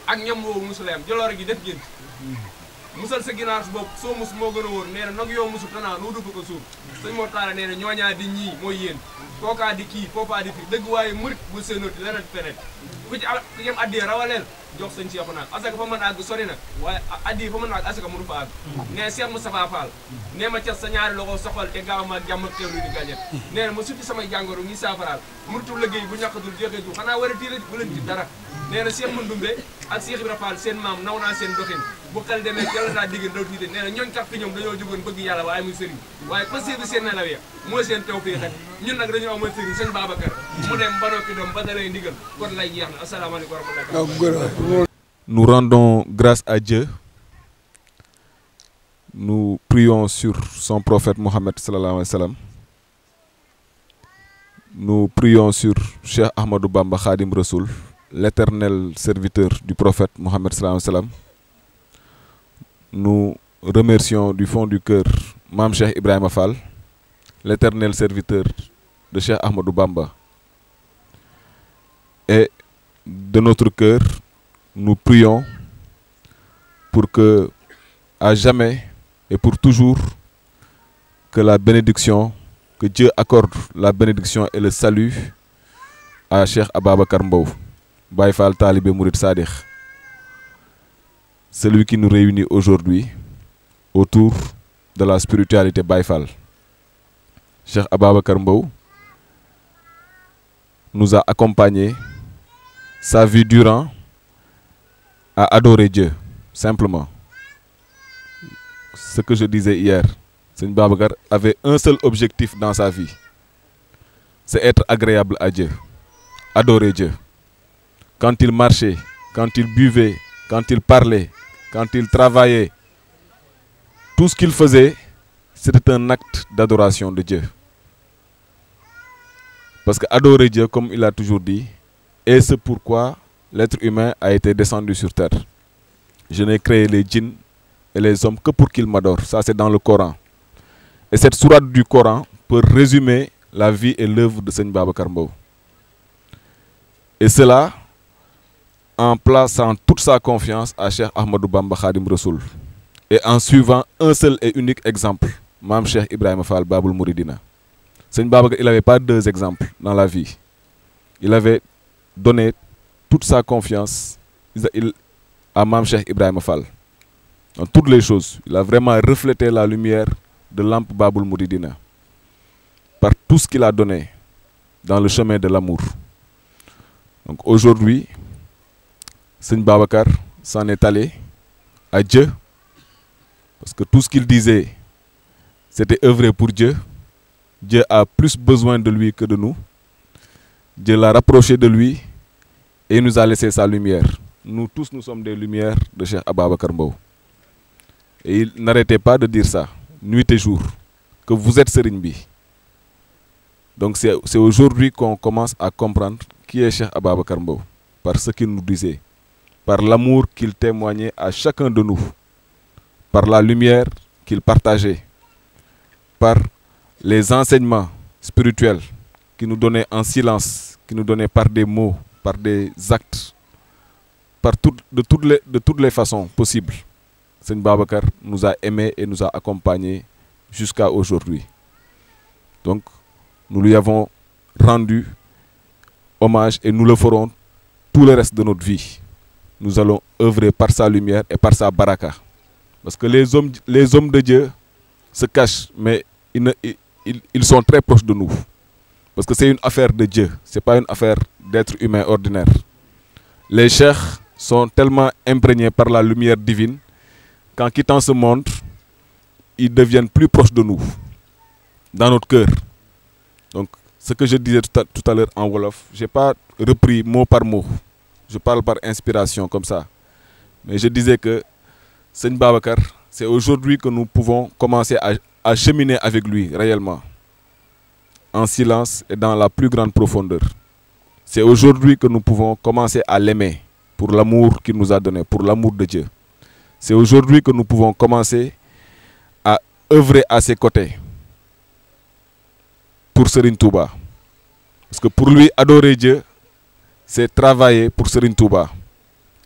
ak ñam woowu musulayam jaloore gi def ngeen musal sa ginaar su bopp soo mus moo gën a wóor nee na nag yow musu tanaa noo dugg ko suuf sëñ Mor Talla nee na ñooñaa di ñii mooy yéen kookaa di kii foofaa di fi dëgg waaye murit bu seenoti leneen feneen ku ci ku yem addiyee rawaleel jox sëñ Cheikh naag asaka fa mën àgg sori na waaye addiye fa mën àgg asaka mënu fa àgg nee Cheikh Moustapha Fall nee ma cas sa ñaari loxo soxal te gaaw ma jàmm di gàñet nee ma sutti samay jàngoro ngi saafaraal muritu liggéey bu ñàkkatul jeexeetu xanaa war a tiila bu leen na Cheikh Mandoumbe ak Cheikh Ibra Fall seen maam naw naa seen doxin bu xel demee jël naa diggéen daw tiite nee na ñooñ kaf fi ñoom dañoo jógoon bëgg yàlla waaye muy sëriñ waaye pasé bi seen nelaw ya mooy seen taw fii xel nag dañoo amal sëriñ sëñ Babacar mu dem ba doom ba da lay ndigal kon lay jeex à Dieu. Nous prions sur son prophète Mohammed sallallahu alayhi serviteur du prophète Mohammed sallallahu alayhi Nous remercions du fond du cœur Mam Cheikh ibrahima Fall, l'éternel serviteur de Cheikh Ahmadou Bamba. Et de notre cœur, nous prions pour que, à jamais et pour toujours, que la bénédiction, que Dieu accorde la bénédiction et le salut à Cheikh Ababa Karmbou, Baïfal Talibé Mourid Sadikh. celui qui nous réunit aujourd'hui autour de la spiritualité Baïfal. Cheikh Ababakar Mbaw nous a accompagnés sa vie durant à adorer Dieu, simplement. Ce que je disais hier, Seigneur Babacar avait un seul objectif dans sa vie, c'est être agréable à Dieu, adorer Dieu. Quand il marchait, quand il buvait, quand il parlait, quand il travaillait, tout ce qu'il faisait, c'était un acte d'adoration de Dieu. Parce qu'adorer Dieu, comme il a toujours dit, et c'est pourquoi l'être humain a été descendu sur terre. Je n'ai créé les djinns et les hommes que pour qu'ils m'adorent. Ça, c'est dans le Coran. Et cette sourate du Coran peut résumer la vie et l'œuvre de Seigneur Babacar Mbou. Et cela, en plaçant toute sa confiance à Cheikh Ahmadou Bamba Khadim Rasoul et en suivant un seul et unique exemple, Mam Cheikh Ibrahim Fall Babul Mouridina. Seigneur Baba, il n'avait pas deux exemples dans la vie. Il avait donné toute sa confiance à Mam Cheikh Ibrahim Fall. Dans toutes les choses, il a vraiment reflété la lumière de Lamp Babul Mouridina par tout ce qu'il a donné dans le chemin de l'amour. Donc aujourd'hui, Seigne Babacar s'en est allé à Dieu, parce que tout ce qu'il disait, c'était œuvrer pour Dieu. jë a plus besoin de lui que de nous. Dieu l'a rapproché de lui et il nous a laissé sa lumière. Nous tous, nous sommes des lumières de Cheikh Ababakar Mbow. Et il n'arrêtait pas de dire ça, nuit et jour, que vous êtes Serinbi. Donc c'est aujourd'hui qu'on commence à comprendre qui est Cheikh Ababakar Mbow, par ce qu'il nous disait. par l'amour qu'il témoignait à chacun de nous, par la lumière qu'il partageait, par les enseignements spirituels qu'il nous donnait en silence, qu'il nous donnait par des mots, par des actes, par de, toutes les, de toutes les façons possibles. Seigneur Babacar nous a aimés et nous a accompagnés jusqu'à aujourd'hui. Donc, nous lui avons rendu hommage et nous le ferons tout les reste de notre vie. nous allons œuvrer par sa lumière et par sa baraka. Parce que les hommes, les hommes de Dieu se cachent, mais ils, ne, ils, ils sont très proches de nous. Parce que c'est une affaire de Dieu, ce n'est pas une affaire d'être humain ordinaire. Les cheikhs sont tellement imprégnés par la lumière divine qu'en quittant ce monde, ils deviennent plus proches de nous, dans notre cœur. Donc, ce que je disais tout à, tout à l'heure en Wolof, je pas repris mot par mot. je parle par inspiration comme ça. Mais je disais que Seigne Babacar, c'est aujourd'hui que nous pouvons commencer à, à, cheminer avec lui réellement, en silence et dans la plus grande profondeur. C'est aujourd'hui que nous pouvons commencer à l'aimer pour l'amour qu'il nous a donné, pour l'amour de Dieu. C'est aujourd'hui que nous pouvons commencer à œuvrer à ses côtés pour Serine Touba. Parce que pour lui, adorer Dieu, c'est travailler pour Serigne Touba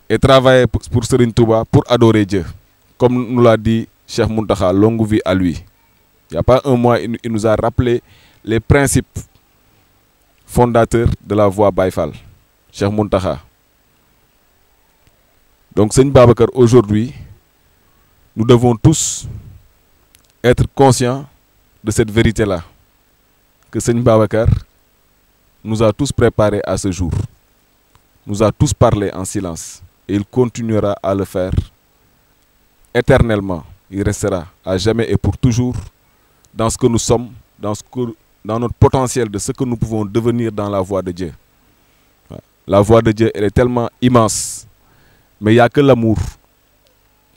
et travailler pour Serigne Touba pour adorer Dieu comme nous l'a dit Cheikh Mountakha longue vie à lui il y a pas un mois il nous a rappelé les principes fondateurs de la voie Baye Fall Cheikh Mountakha donc Sëñ Babacar aujourd'hui nous devons tous être conscients de cette vérité la que Sëñ Babacar nous a tous préparés à ce jour nous a tous parlé en silence et il continuera à le faire éternellement. Il restera à jamais et pour toujours dans ce que nous sommes, dans, ce que, dans notre potentiel de ce que nous pouvons devenir dans la voie de Dieu. La voie de Dieu, elle est tellement immense, mais il n'y que l'amour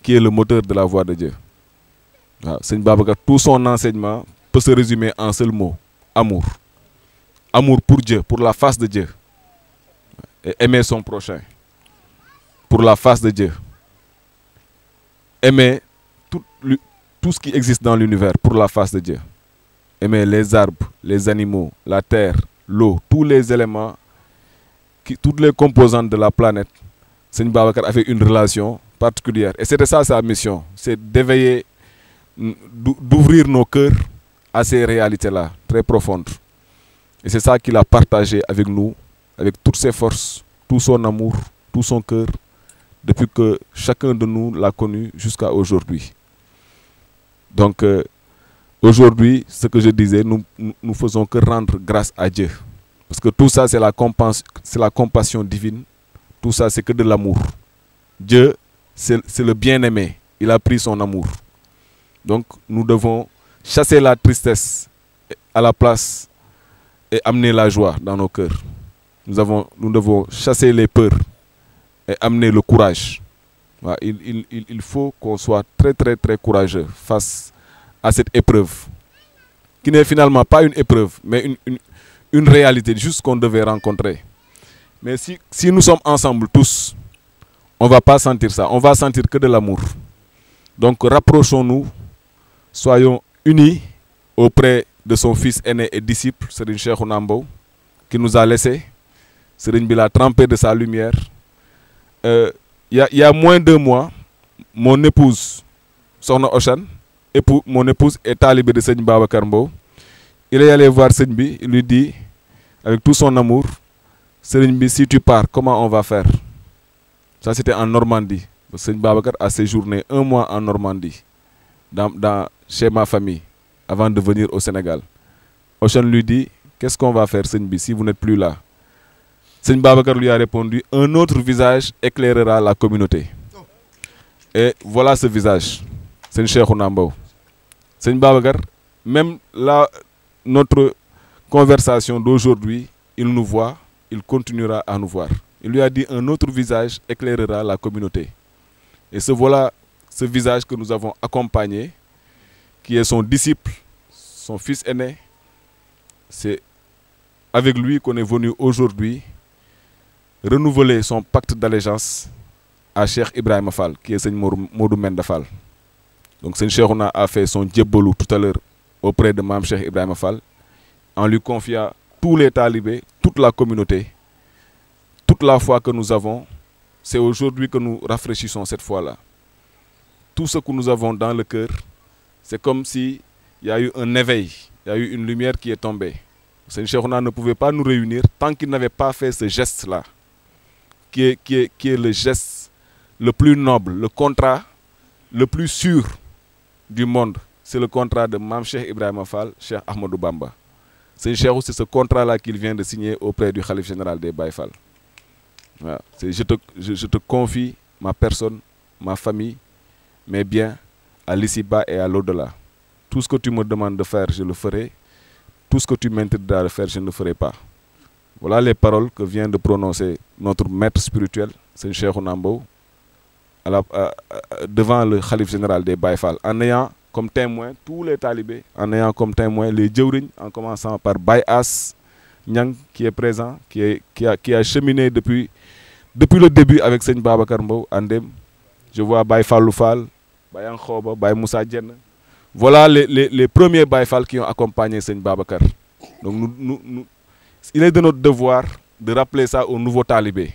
qui est le moteur de la voie de Dieu. Seigneur Babacar, tout son enseignement peut se résumer en un seul mot, amour. Amour pour Dieu, pour la face de Dieu. et aimer son prochain pour la face de Dieu. Aimer tout, tout ce qui existe dans l'univers pour la face de Dieu. Aimer les arbres, les animaux, la terre, l'eau, tous les éléments, qui, toutes les composantes de la planète. Seigneur Babacar avait une relation particulière. Et c'était ça mission, c'est d'éveiller, mm, d'ouvrir nos cœurs à ces réalités-là, très profondes. Et c'est ça qu'il a partagé avec nous avec toutes ses forces, tout son amour, tout son cœur, depuis que chacun de nous l'a connu jusqu'à aujourd'hui. Donc euh, aujourd'hui, ce que je disais, nous nous faisons que rendre grâce à Dieu. Parce que tout ça, c'est la compense, c'est la compassion divine. Tout ça, c'est que de l'amour. Dieu, c'est c'est le bien-aimé. Il a pris son amour. Donc nous devons chasser la tristesse à la place et amener la joie dans nos cœurs. nous, avons, nous devons chasser les peurs et amener le courage. Il, il, il faut qu'on soit très très très courageux face à cette épreuve, qui n'est finalement pas une épreuve, mais une, une, réalité juste qu'on devait rencontrer. Mais si, si nous sommes ensemble tous, on ne va pas sentir ça, on va sentir que de l'amour. Donc rapprochons-nous, soyons unis auprès de son fils aîné et disciple, Serine Cheikh qui nous a laissé sëriñ bi l'a trempé de sa lumière euh, y moins deux mois mon épouse soxna Ochan époux mon épouse est talibé de sëñ Babacar Mbow il est allé voir sëñ bi il lui avec tout son amour sëriñ bi si tu pars comment on va faire ça c'était en Normandie sëñ Babacar a séjourné un mois en Normandie dans dans chez famille avant de venir au Sénégal Ochan lui dit qu'est-ce qu'on va faire sëñ bi si vous n'êtes plus là Seigne Babacar lui a répondu Un autre visage éclairera la communauté. Et voilà ce visage, Seigne Cheikh Ounambao. Seigne Babacar, même la notre conversation d'aujourd'hui, il nous voit, il continuera à nous voir. Il lui a dit Un autre visage éclairera la communauté. Et ce voilà ce visage que nous avons accompagné, qui est son disciple, son fils aîné. C'est avec lui qu'on est venu aujourd'hui renouveler son pacte d'allégeance à Cheikh Ibrahima Fall qui est sëñ Modou de Fall donc sëñ Cheikhouna a fait son jébbalu tout à l'heure auprès de maam Cheikh Ibrahima Fall en lui confiant tous les talibés toute la communauté toute la fois que nous avons c'est aujourd'hui que nous rafraîchissons cette foi-là tout ce que nous avons dans le cœur c'est comme si il eu un éveil il eu une lumière qui est tombée Sëñ Cheikhouna ne pouvait pas nous réunir tant qu'il n'avait pas fait qui est, qui est, le geste le plus noble, le contrat le plus sûr du monde. C'est le contrat de Mam Cheikh Ibrahim Fall, Cheikh Ahmadou Bamba. C'est ce contrat-là qu'il vient de signer auprès du Khalif général des Baïfal. Voilà. Je, te, confie ma personne, ma famille, mes bien à l'ici-bas et à l'au-delà. Tout ce que tu me demandes de faire, je le ferai. Tout ce que tu m'interdiras de faire, je ne ferai pas. Voilà les paroles que vient de prononcer notre maître spirituel, na Cheikh Nambo, devant le Khalif général des Baïfal, en ayant comme témoin tous les talibés, en ayant comme témoin les djawriñ, en commençant par Baïas Nyang, qui est présent, qui, est, qui, a, qui a cheminé depuis, le début avec Seigneur Babakar mbaw Andem. Je vois Baïfal Loufal, Bayan Khoba, Baï Moussa Djen. Voilà les, les, les premiers Baïfal qui ont accompagné Seigneur Babakar. Donc il est de notre devoir de rappeler ça aux nouveaux talibés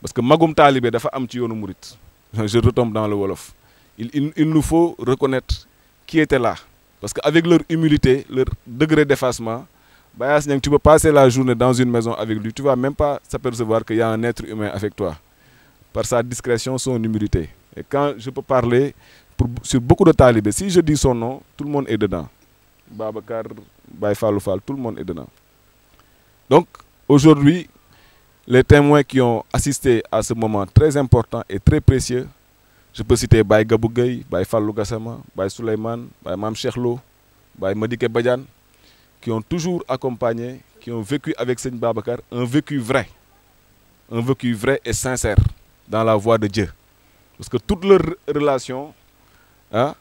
parce que magum talibé dafa am ci yoonu murit je retombe dans le wolof il, il il nous faut reconnaître qui était là parce que avec leur humilité leur degré d'effacement Bayas Niang tu peux passer la journée dans une maison avec lui tu vas même pas s'apercevoir qu'il y a un être humain avec toi par sa discrétion son humilité et quand je peux parler pour sur beaucoup de talibés si je dis son nom tout le monde est dedans Babacar le monde est Donc aujourd'hui, les témoins qui ont assisté à ce moment très important et très précieux, je peux citer Baye Gabou Gueye, Baye Fallou Gassama, Baye Souleymane, baay Mam Cheikhlo, Baye Madike Badiane, qui ont toujours accompagné, qui ont vécu avec Seigne Babacar un vécu vrai, un vécu vrai et sincère dans la voie de Dieu. Parce que toutes leurs relations hein,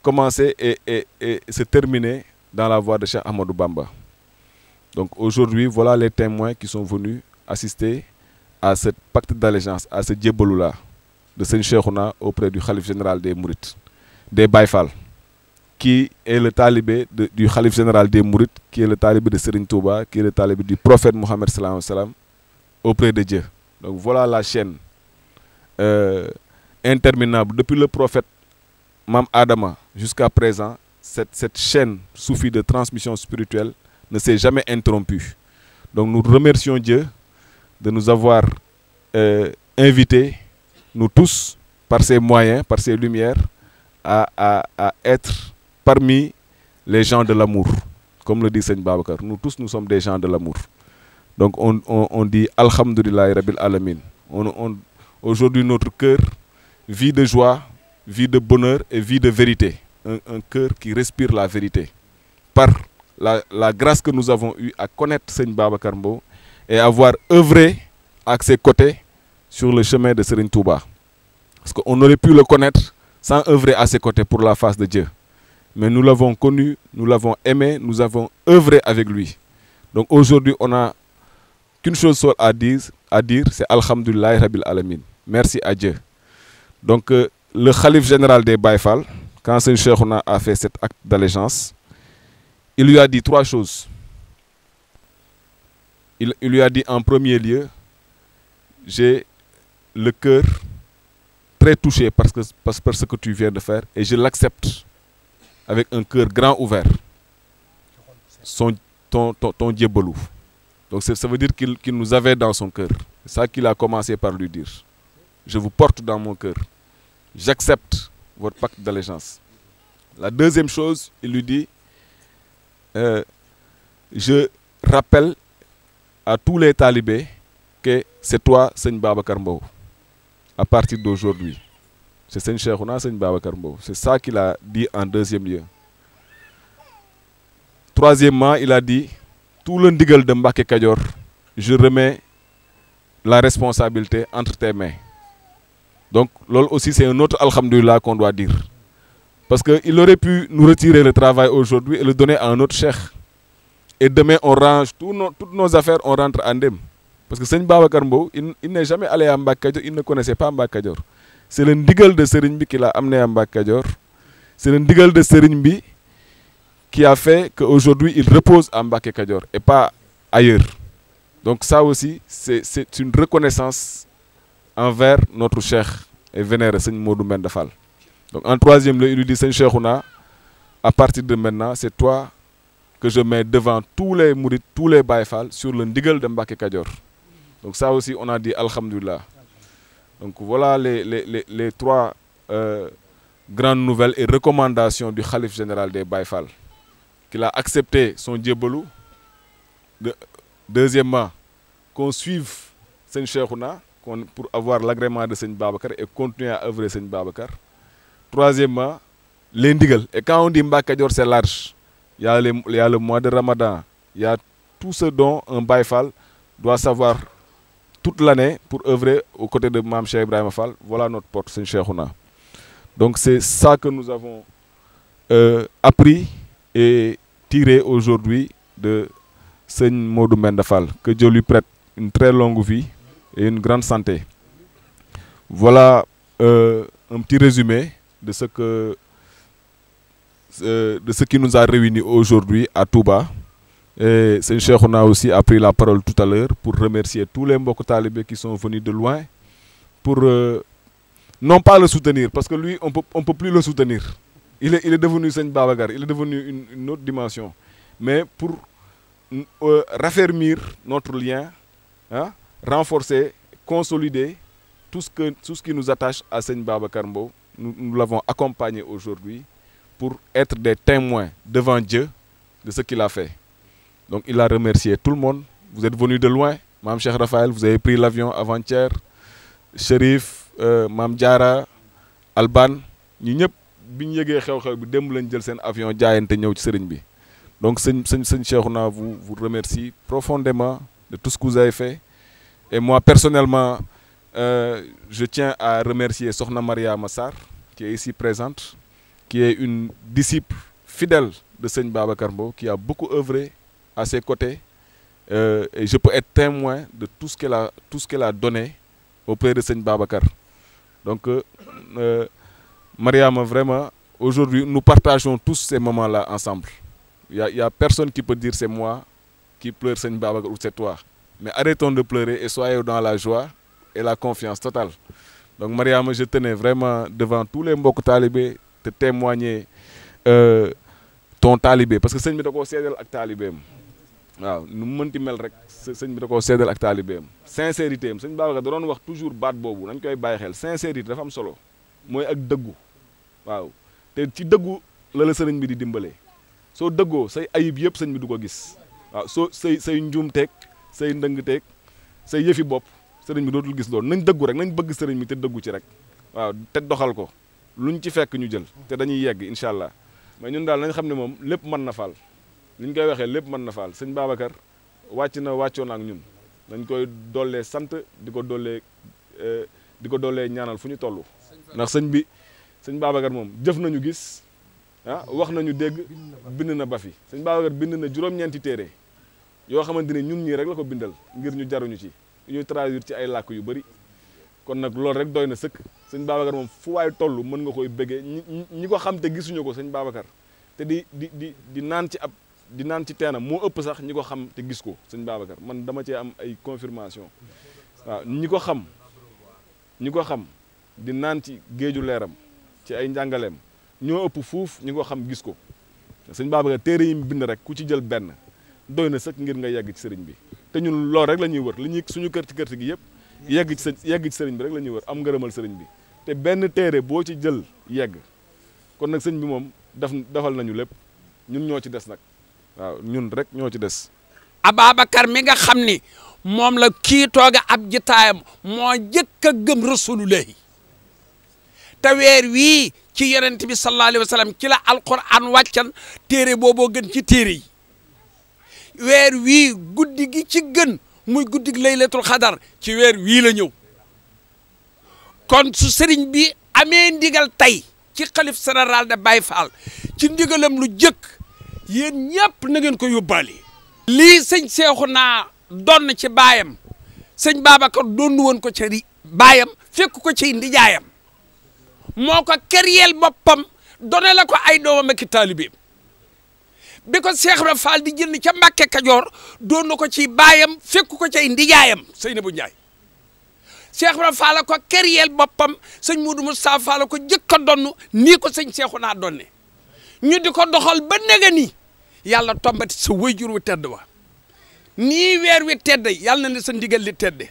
commençaient et, et, et se terminaient dans la voie de Cheikh Ahmadou Bamba. Donc aujourd'hui, voilà les témoins qui sont venus assister à ce pacte d'allégeance, à ce djeboloula de Seigne Cheikhouna auprès du Khalif général des Mourites, des Baïfal, qui est le talibe de, du Khalif général des Mourites, qui est le talibé de Serigne Touba, qui est le talibé du prophète Mohammed salam auprès de Dieu. Donc voilà la chaîne euh, interminable depuis le prophète Mam Adama jusqu'à présent, cette, cette chaîne soufie de transmission spirituelle ne s'est jamais interrompu. Donc nous remercions Dieu de nous avoir invité euh, invités, nous tous, par ses moyens, par ses lumières, à, à, à être parmi les gens de l'amour. Comme le dit Seigneur Babakar, nous tous, nous sommes des gens de l'amour. Donc on, on, on dit Alhamdulillah Rabbil Alamin. On, Aujourd'hui, notre cœur vie de joie, vie de bonheur et vie de vérité. Un, un cœur qui respire la vérité. la, la grâce que nous avons eue à connaître Seigne Baba Karmbo et avoir œuvré à ses côtés sur le chemin de Serigne Touba. Parce qu'on aurait pu le connaître sans œuvrer à ses côtés pour la face de Dieu. Mais nous l'avons connu, nous l'avons aimé, nous avons œuvré avec lui. Donc aujourd'hui, on n'a qu'une chose seule à dire, à dire c'est Alhamdulillah Rabbil Alamin. Merci à Dieu. Donc euh, le Khalif général des Baïfal, quand Seigneur a fait cet acte d'allégeance, il lui a dit trois choses. Il, il lui a dit en premier lieu, j'ai le cœur très touché parce que, parce, par ce que tu viens de faire et je l'accepte avec un cœur grand ouvert. Son, ton, ton, ton Dieu belou. Donc ça veut dire qu'il qu nous avait dans son cœur. C'est qu'il a commencé par lui dire. Je vous porte dans mon cœur. J'accepte votre pacte d'allégeance. La deuxième chose, il lui dit, euh, je rappelle à tous les talibés que c'est toi Seigne Babacar Mbow à partir d'aujourd'hui c'est Seigne Cheikhouna Seigne Babacar Mbow c'est ça qu'il a dit en deuxième lieu troisièmement il a di tout le ndigal de Mbacké Kadior je remets la responsabilité entre tes mains donc loolu aussi c'est un autre alhamdulillah qu'on dire Parce que qu'il aurait pu nous retirer le travail aujourd'hui et le donner à un autre chef. Et demain, on range tout nos, toutes nos affaires, on rentre en dème. Parce que Seigne Baba Karmbo, il, il n'est jamais allé à Mbakadjor, il ne connaissait pas Mbakadjor. C'est le ndigal de Serigne qui l'a amené à Mbakadjor. C'est le ndigal de Serigne qui a fait qu'aujourd'hui, il repose à Mbakadjor et pas ailleurs. Donc ça aussi, c'est une reconnaissance envers notre cher et vénéré Seigne Modou Mendafal. Donc en troisième lieu, il lui dit, Seigneur Cheikhouna, à partir de maintenant, c'est toi que je mets devant tous les mourit, tous les baïfals sur le ndigal de Mbake Kadior. Donc ça aussi, on a dit Alhamdulillah. Donc voilà les, les, les, les trois euh, grandes nouvelles et recommandation du Khalif général des baïfals qu'il kila accepté son diabolou. De, deuxièmement, qu'on suive Seigneur Cheikhouna pour avoir l'agrément de Seigneur Babakar et continuer à œuvrer Seigneur Babakar. troisièmement les ndigal et quand on dit Mbacke Kadior c'est large il le mois de Ramadan il tout ce dont un Baye Fall doit savoir toute l'année pour œuvrer au côté de Mame Cheikh Ibrahima Fall voilà notre porte Serigne Cheikhouna donc c'est ça que nous avons euh, appris et tiré aujourd'hui de Serigne Modou Mbenda Fall que Dieu lui prête une très longue vie et une grande santé voilà euh, un petit résumé de ce que euh, de ce qui nous a réunis aujourd'hui à tout Touba. Et Seigneur Cheikhouna aussi a pris la parole tout à l'heure pour remercier tous les Mbok talibés qui sont venus de loin pour euh, non pas le soutenir, parce que lui, on peut, ne peut plus le soutenir. Il est, il est devenu Seigne Babagar, il est devenu une, autre dimension. Mais pour euh, raffermir notre lien, hein, renforcer, consolider tout ce, que, tout ce qui nous attache à Seigne Babacar Mbo nous, nous l'avons accompagné aujourd'hui pour être des témoins devant Dieu de ce qu'il a fait. Donc il a remercier tout le monde. Vous êtes venus de loin. Mam Cheikh Raphaël, vous avez pris l'avion avant-hier. Chérif, euh, Mam Diara, Alban, ñu ñëpp bi ñu yëgee xew-xew bi démb lañ jël seen avion jaayante ñëw ci sëriñ bi. Donc sëñ sëñ sëñ Cheikhouna vous vous remercie profondément de tout ce que vous avez fait. Et moi personnellement Euh, je tiens à remercier Sohna Maria Massar, qui est ici présente, qui est une disciple fidèle de Seigne Baba Karbo, qui a beaucoup œuvré à ses côtés. Euh, et je peux être témoin de tout ce qu'elle a, tout ce qu'elle a donné auprès de Seigne Babakar. Donc, euh, euh Mariam, vraiment, aujourd'hui, nous partageons tous ces moments-là ensemble. Il a, a, personne qui peut dire c'est moi qui pleure Seigne Babakar ou c'est toi. Mais arrêtons de pleurer et soyez dans la joie. et la confiance totale donc Mariama je tenais vraiment devant tous les mbokk taalibe te témoigner euh, ton taalibe parce que sëñ bi da koo seedeel ak taalibeem waaw nu mu mënti mel rek sëñ bi da koo ak taalibeem sincérité am sëñ Babacar da doon wax toujours baat boobu nañ koy bàyyi xel sincérité dafa am solo mooy ak dëggu waaw te ci dëggu la la bi di dimbalee soo dëggoo say ayib yëpp sëñ bi du ko gis waaw soo say say njuumteeg say ndëngteeg say yëfi bopp. sëriñ bi dootul gis loolu nañ dëggu rek nañ bëgg sëriñ bi te dëggu ci rek waaw doxal ko luñ ci fekk ñu jël dañuy yegg incha allah mais ñun daal nañ xam ne moom lépp mën na faal koy waxee lépp mën na sëñ Babacar wàcc na wàccoon ak ñun dañ koy dollee sant di ko dollee euh, di ko dollee ñaanal fu ñu toll ndax sëñ bi sëñ Babacar moom jëf nañu gis ah wax nañu dégg bind na ba fi sëñ Babacar bind na juróom-ñeenti téere yoo xamante ni ñun ñii rek la ko bindal ngir ñu jaruñu ci yooyu traduire ci ay làkk yu bari kon nag loolu rek doy na sëkk sëñ Babacar moom fu waay toll mën nga koy bëggee ñi ñi ko xam te gisuñu ko sëñ Babacar te di di di di naan ci ab di naan ci teenam moo ëpp sax ñi ko xam te gis ko sëñ Babacar man dama cee am ay confirmation waaw ñi ko xam ñi ko xam di naan ci géeju leeram ci ay njàngaleem ñoo ëpp fuuf ñi ko xam gis ko sëñ Babacar téere yi mu bind rek ku ci jël benn doy na sëkk ngir nga yegg ci sëriñ bi te ñun loolu rek la ñuy wër li ñuy suñu kër ci gi yëpp yegg ci sa sëriñ bi rek la ñuy wër am ngërëmal sëriñ bi te benn téere boo ci jël yegg kon nag sëñ bi moom daf defal nañu lépp ñun ñoo ci des nag ñun rek ñoo ci des Ababacar mi nga xam ni moom la kii tooga ab jitaayam moo jëkk a gëm rasulullahi te weer wii ci yeneen bi sallallahu alayhi wa sallam ci la téere booboo gën ci téere yi weer wii guddi gi ci gën muy guddi laylatul xadar ci weer wii la ñëw kon su sëriñ bi amee ndigal tey ci xalif général de Baye Fall ci ndigalam lu jëkk yéen ñëpp na ngeen ko yóbbaale. lii sëñ seexu naa don ci baayam sëñ Babacar doon woon ko ci baayam fekk ko ci ndijaayam moo ko keriyeel boppam done la ko ay doomam ak i taalibeem bi ko Cheikh Ibra Fall di jënd ca Mbàkke Kajoor doon na ko ci baayam fekk ko cay ndijaayam Seynabou Ndiaye Cheikh Ibra Fall ko keriyeel boppam sëñ Modou Moustapha Fall ko jëkk a donn nii ko sëñ Cheikhouna donne ñu di ko doxal ba nega nii yàlla tombati sa wayjur wu tedd wa nii weer wi tedd yàlla na ne sa ndigal li tedde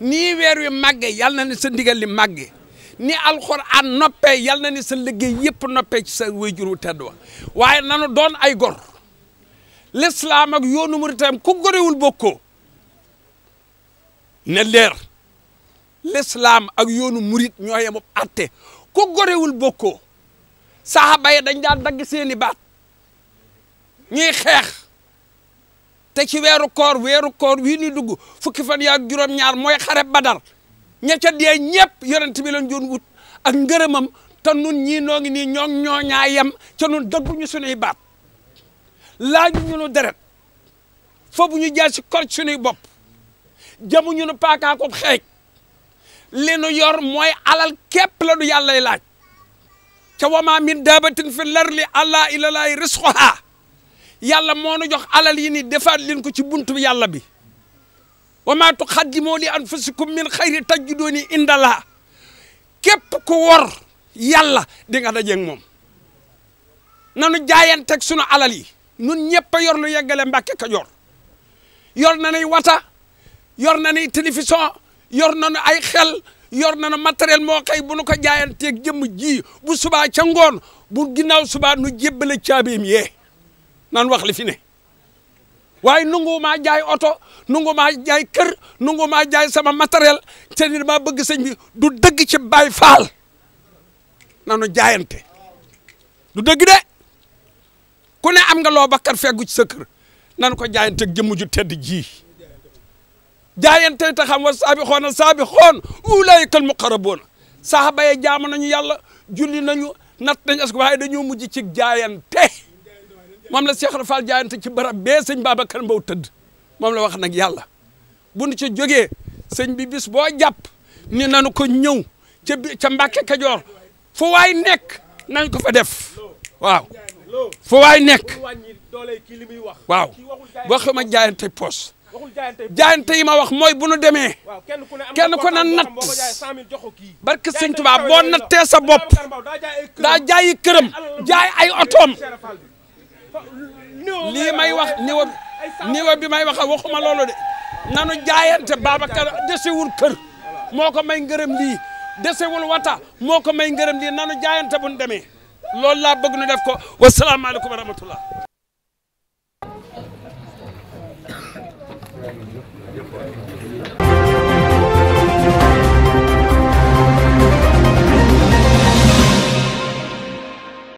nii weer wi màgge yàlla na ne sa ndigal li màgge ni alxuraan noppee yal na ni sa liggéey yëpp noppee ci sa wéyjur wu tedd wa waaye nanu doon ay gor lislaam ak yoonu murit tam ku gorewul bokkoo ne leer lislaam ak yoonu murit ñoo yem atte ku gorewul bokkoo saxaaba yi dañ daan dagg seeni baat ñuy xeex te ci weeru koor weeru koor wii nu dugg fukki fan yaa juróom-ñaar mooy xare badar ña ca dee ñëpp yonent bi lañ doon wut ak ngërëmam te nun ñii noo ngi nii ñoo ñoo ñaa yem ca nun dëgguñu suñuy baat laaju ñu nu deret fa bu ñu jaar si kor suñuy bopp jamuñu ñunu paakaa ko xeej li nu yor mooy alal képp la nu yàllay laaj ca wama min daabatin fi larli allah ilalaay risqoha yàlla moo nu jox alal yi ni defaat leen ko ci buntu yàlla bi wa maa tuqaddimu li anfusikum min xayri tajiduuni indallah képp ku wor yàlla di nga dajeeg moom nanu jaayanteeg sunu alal yi nun ñëpp a yor lu yeggale Mbàkke Kajoor yor na nuy wata yor na nuy télévision yor na nu ay xel yor na nu matériel moo xëy bu nu ko jaayanteeg jëmm ji bu subaa ca ngoon bu ginnaaw subaa nu jébbale caabeem yee nan wax li fi ne waaye nanguwumaa jaay oto nanguwumaa jaay kër nanguwumaa jaay sama matériel te ni bëgg sëñ du dëgg ci Baay Faal nanu jaayante du dëgg de ku ne am nga loo bakkat feggu ci sa kër nan ko jaayante ak jëmm ju tedd ji jaayante te xam wa saabi xoona saabi xoon ulaykal muqarrabuuna saxaba ya jaamu nañu yàlla julli nañu natt nañu as waaye dañoo mujj ci jaayante moom la Cheikh Rafal jaayante ci barab bee baaba Babacar Mbow tëdd moom la wax nag yàlla bu nu ci jógee sëñ bi bis boo jàpp ni nanu ko ñëw ca bi ca Mbàkke Kajoor fu waay nekk nañ ko fa def waaw fu waay nekk waaw waxuma jaayante poos jaayante yi ma wax mooy bu nu demee kenn ku ne natt barke sëñ Tuubaa boo nattee sa bopp daa jaayi këram jaay ay otoom lii may wax niveau niveau bi may wax waxuma loolu de nanu jaayante Babacar desewul kër moo ko may ngërëm lii desewul wata moo ko may ngërëm lii nanu jaayante bu ñu demee laa bëgg nu def ko wasalaamaaleykum wa rahmatullah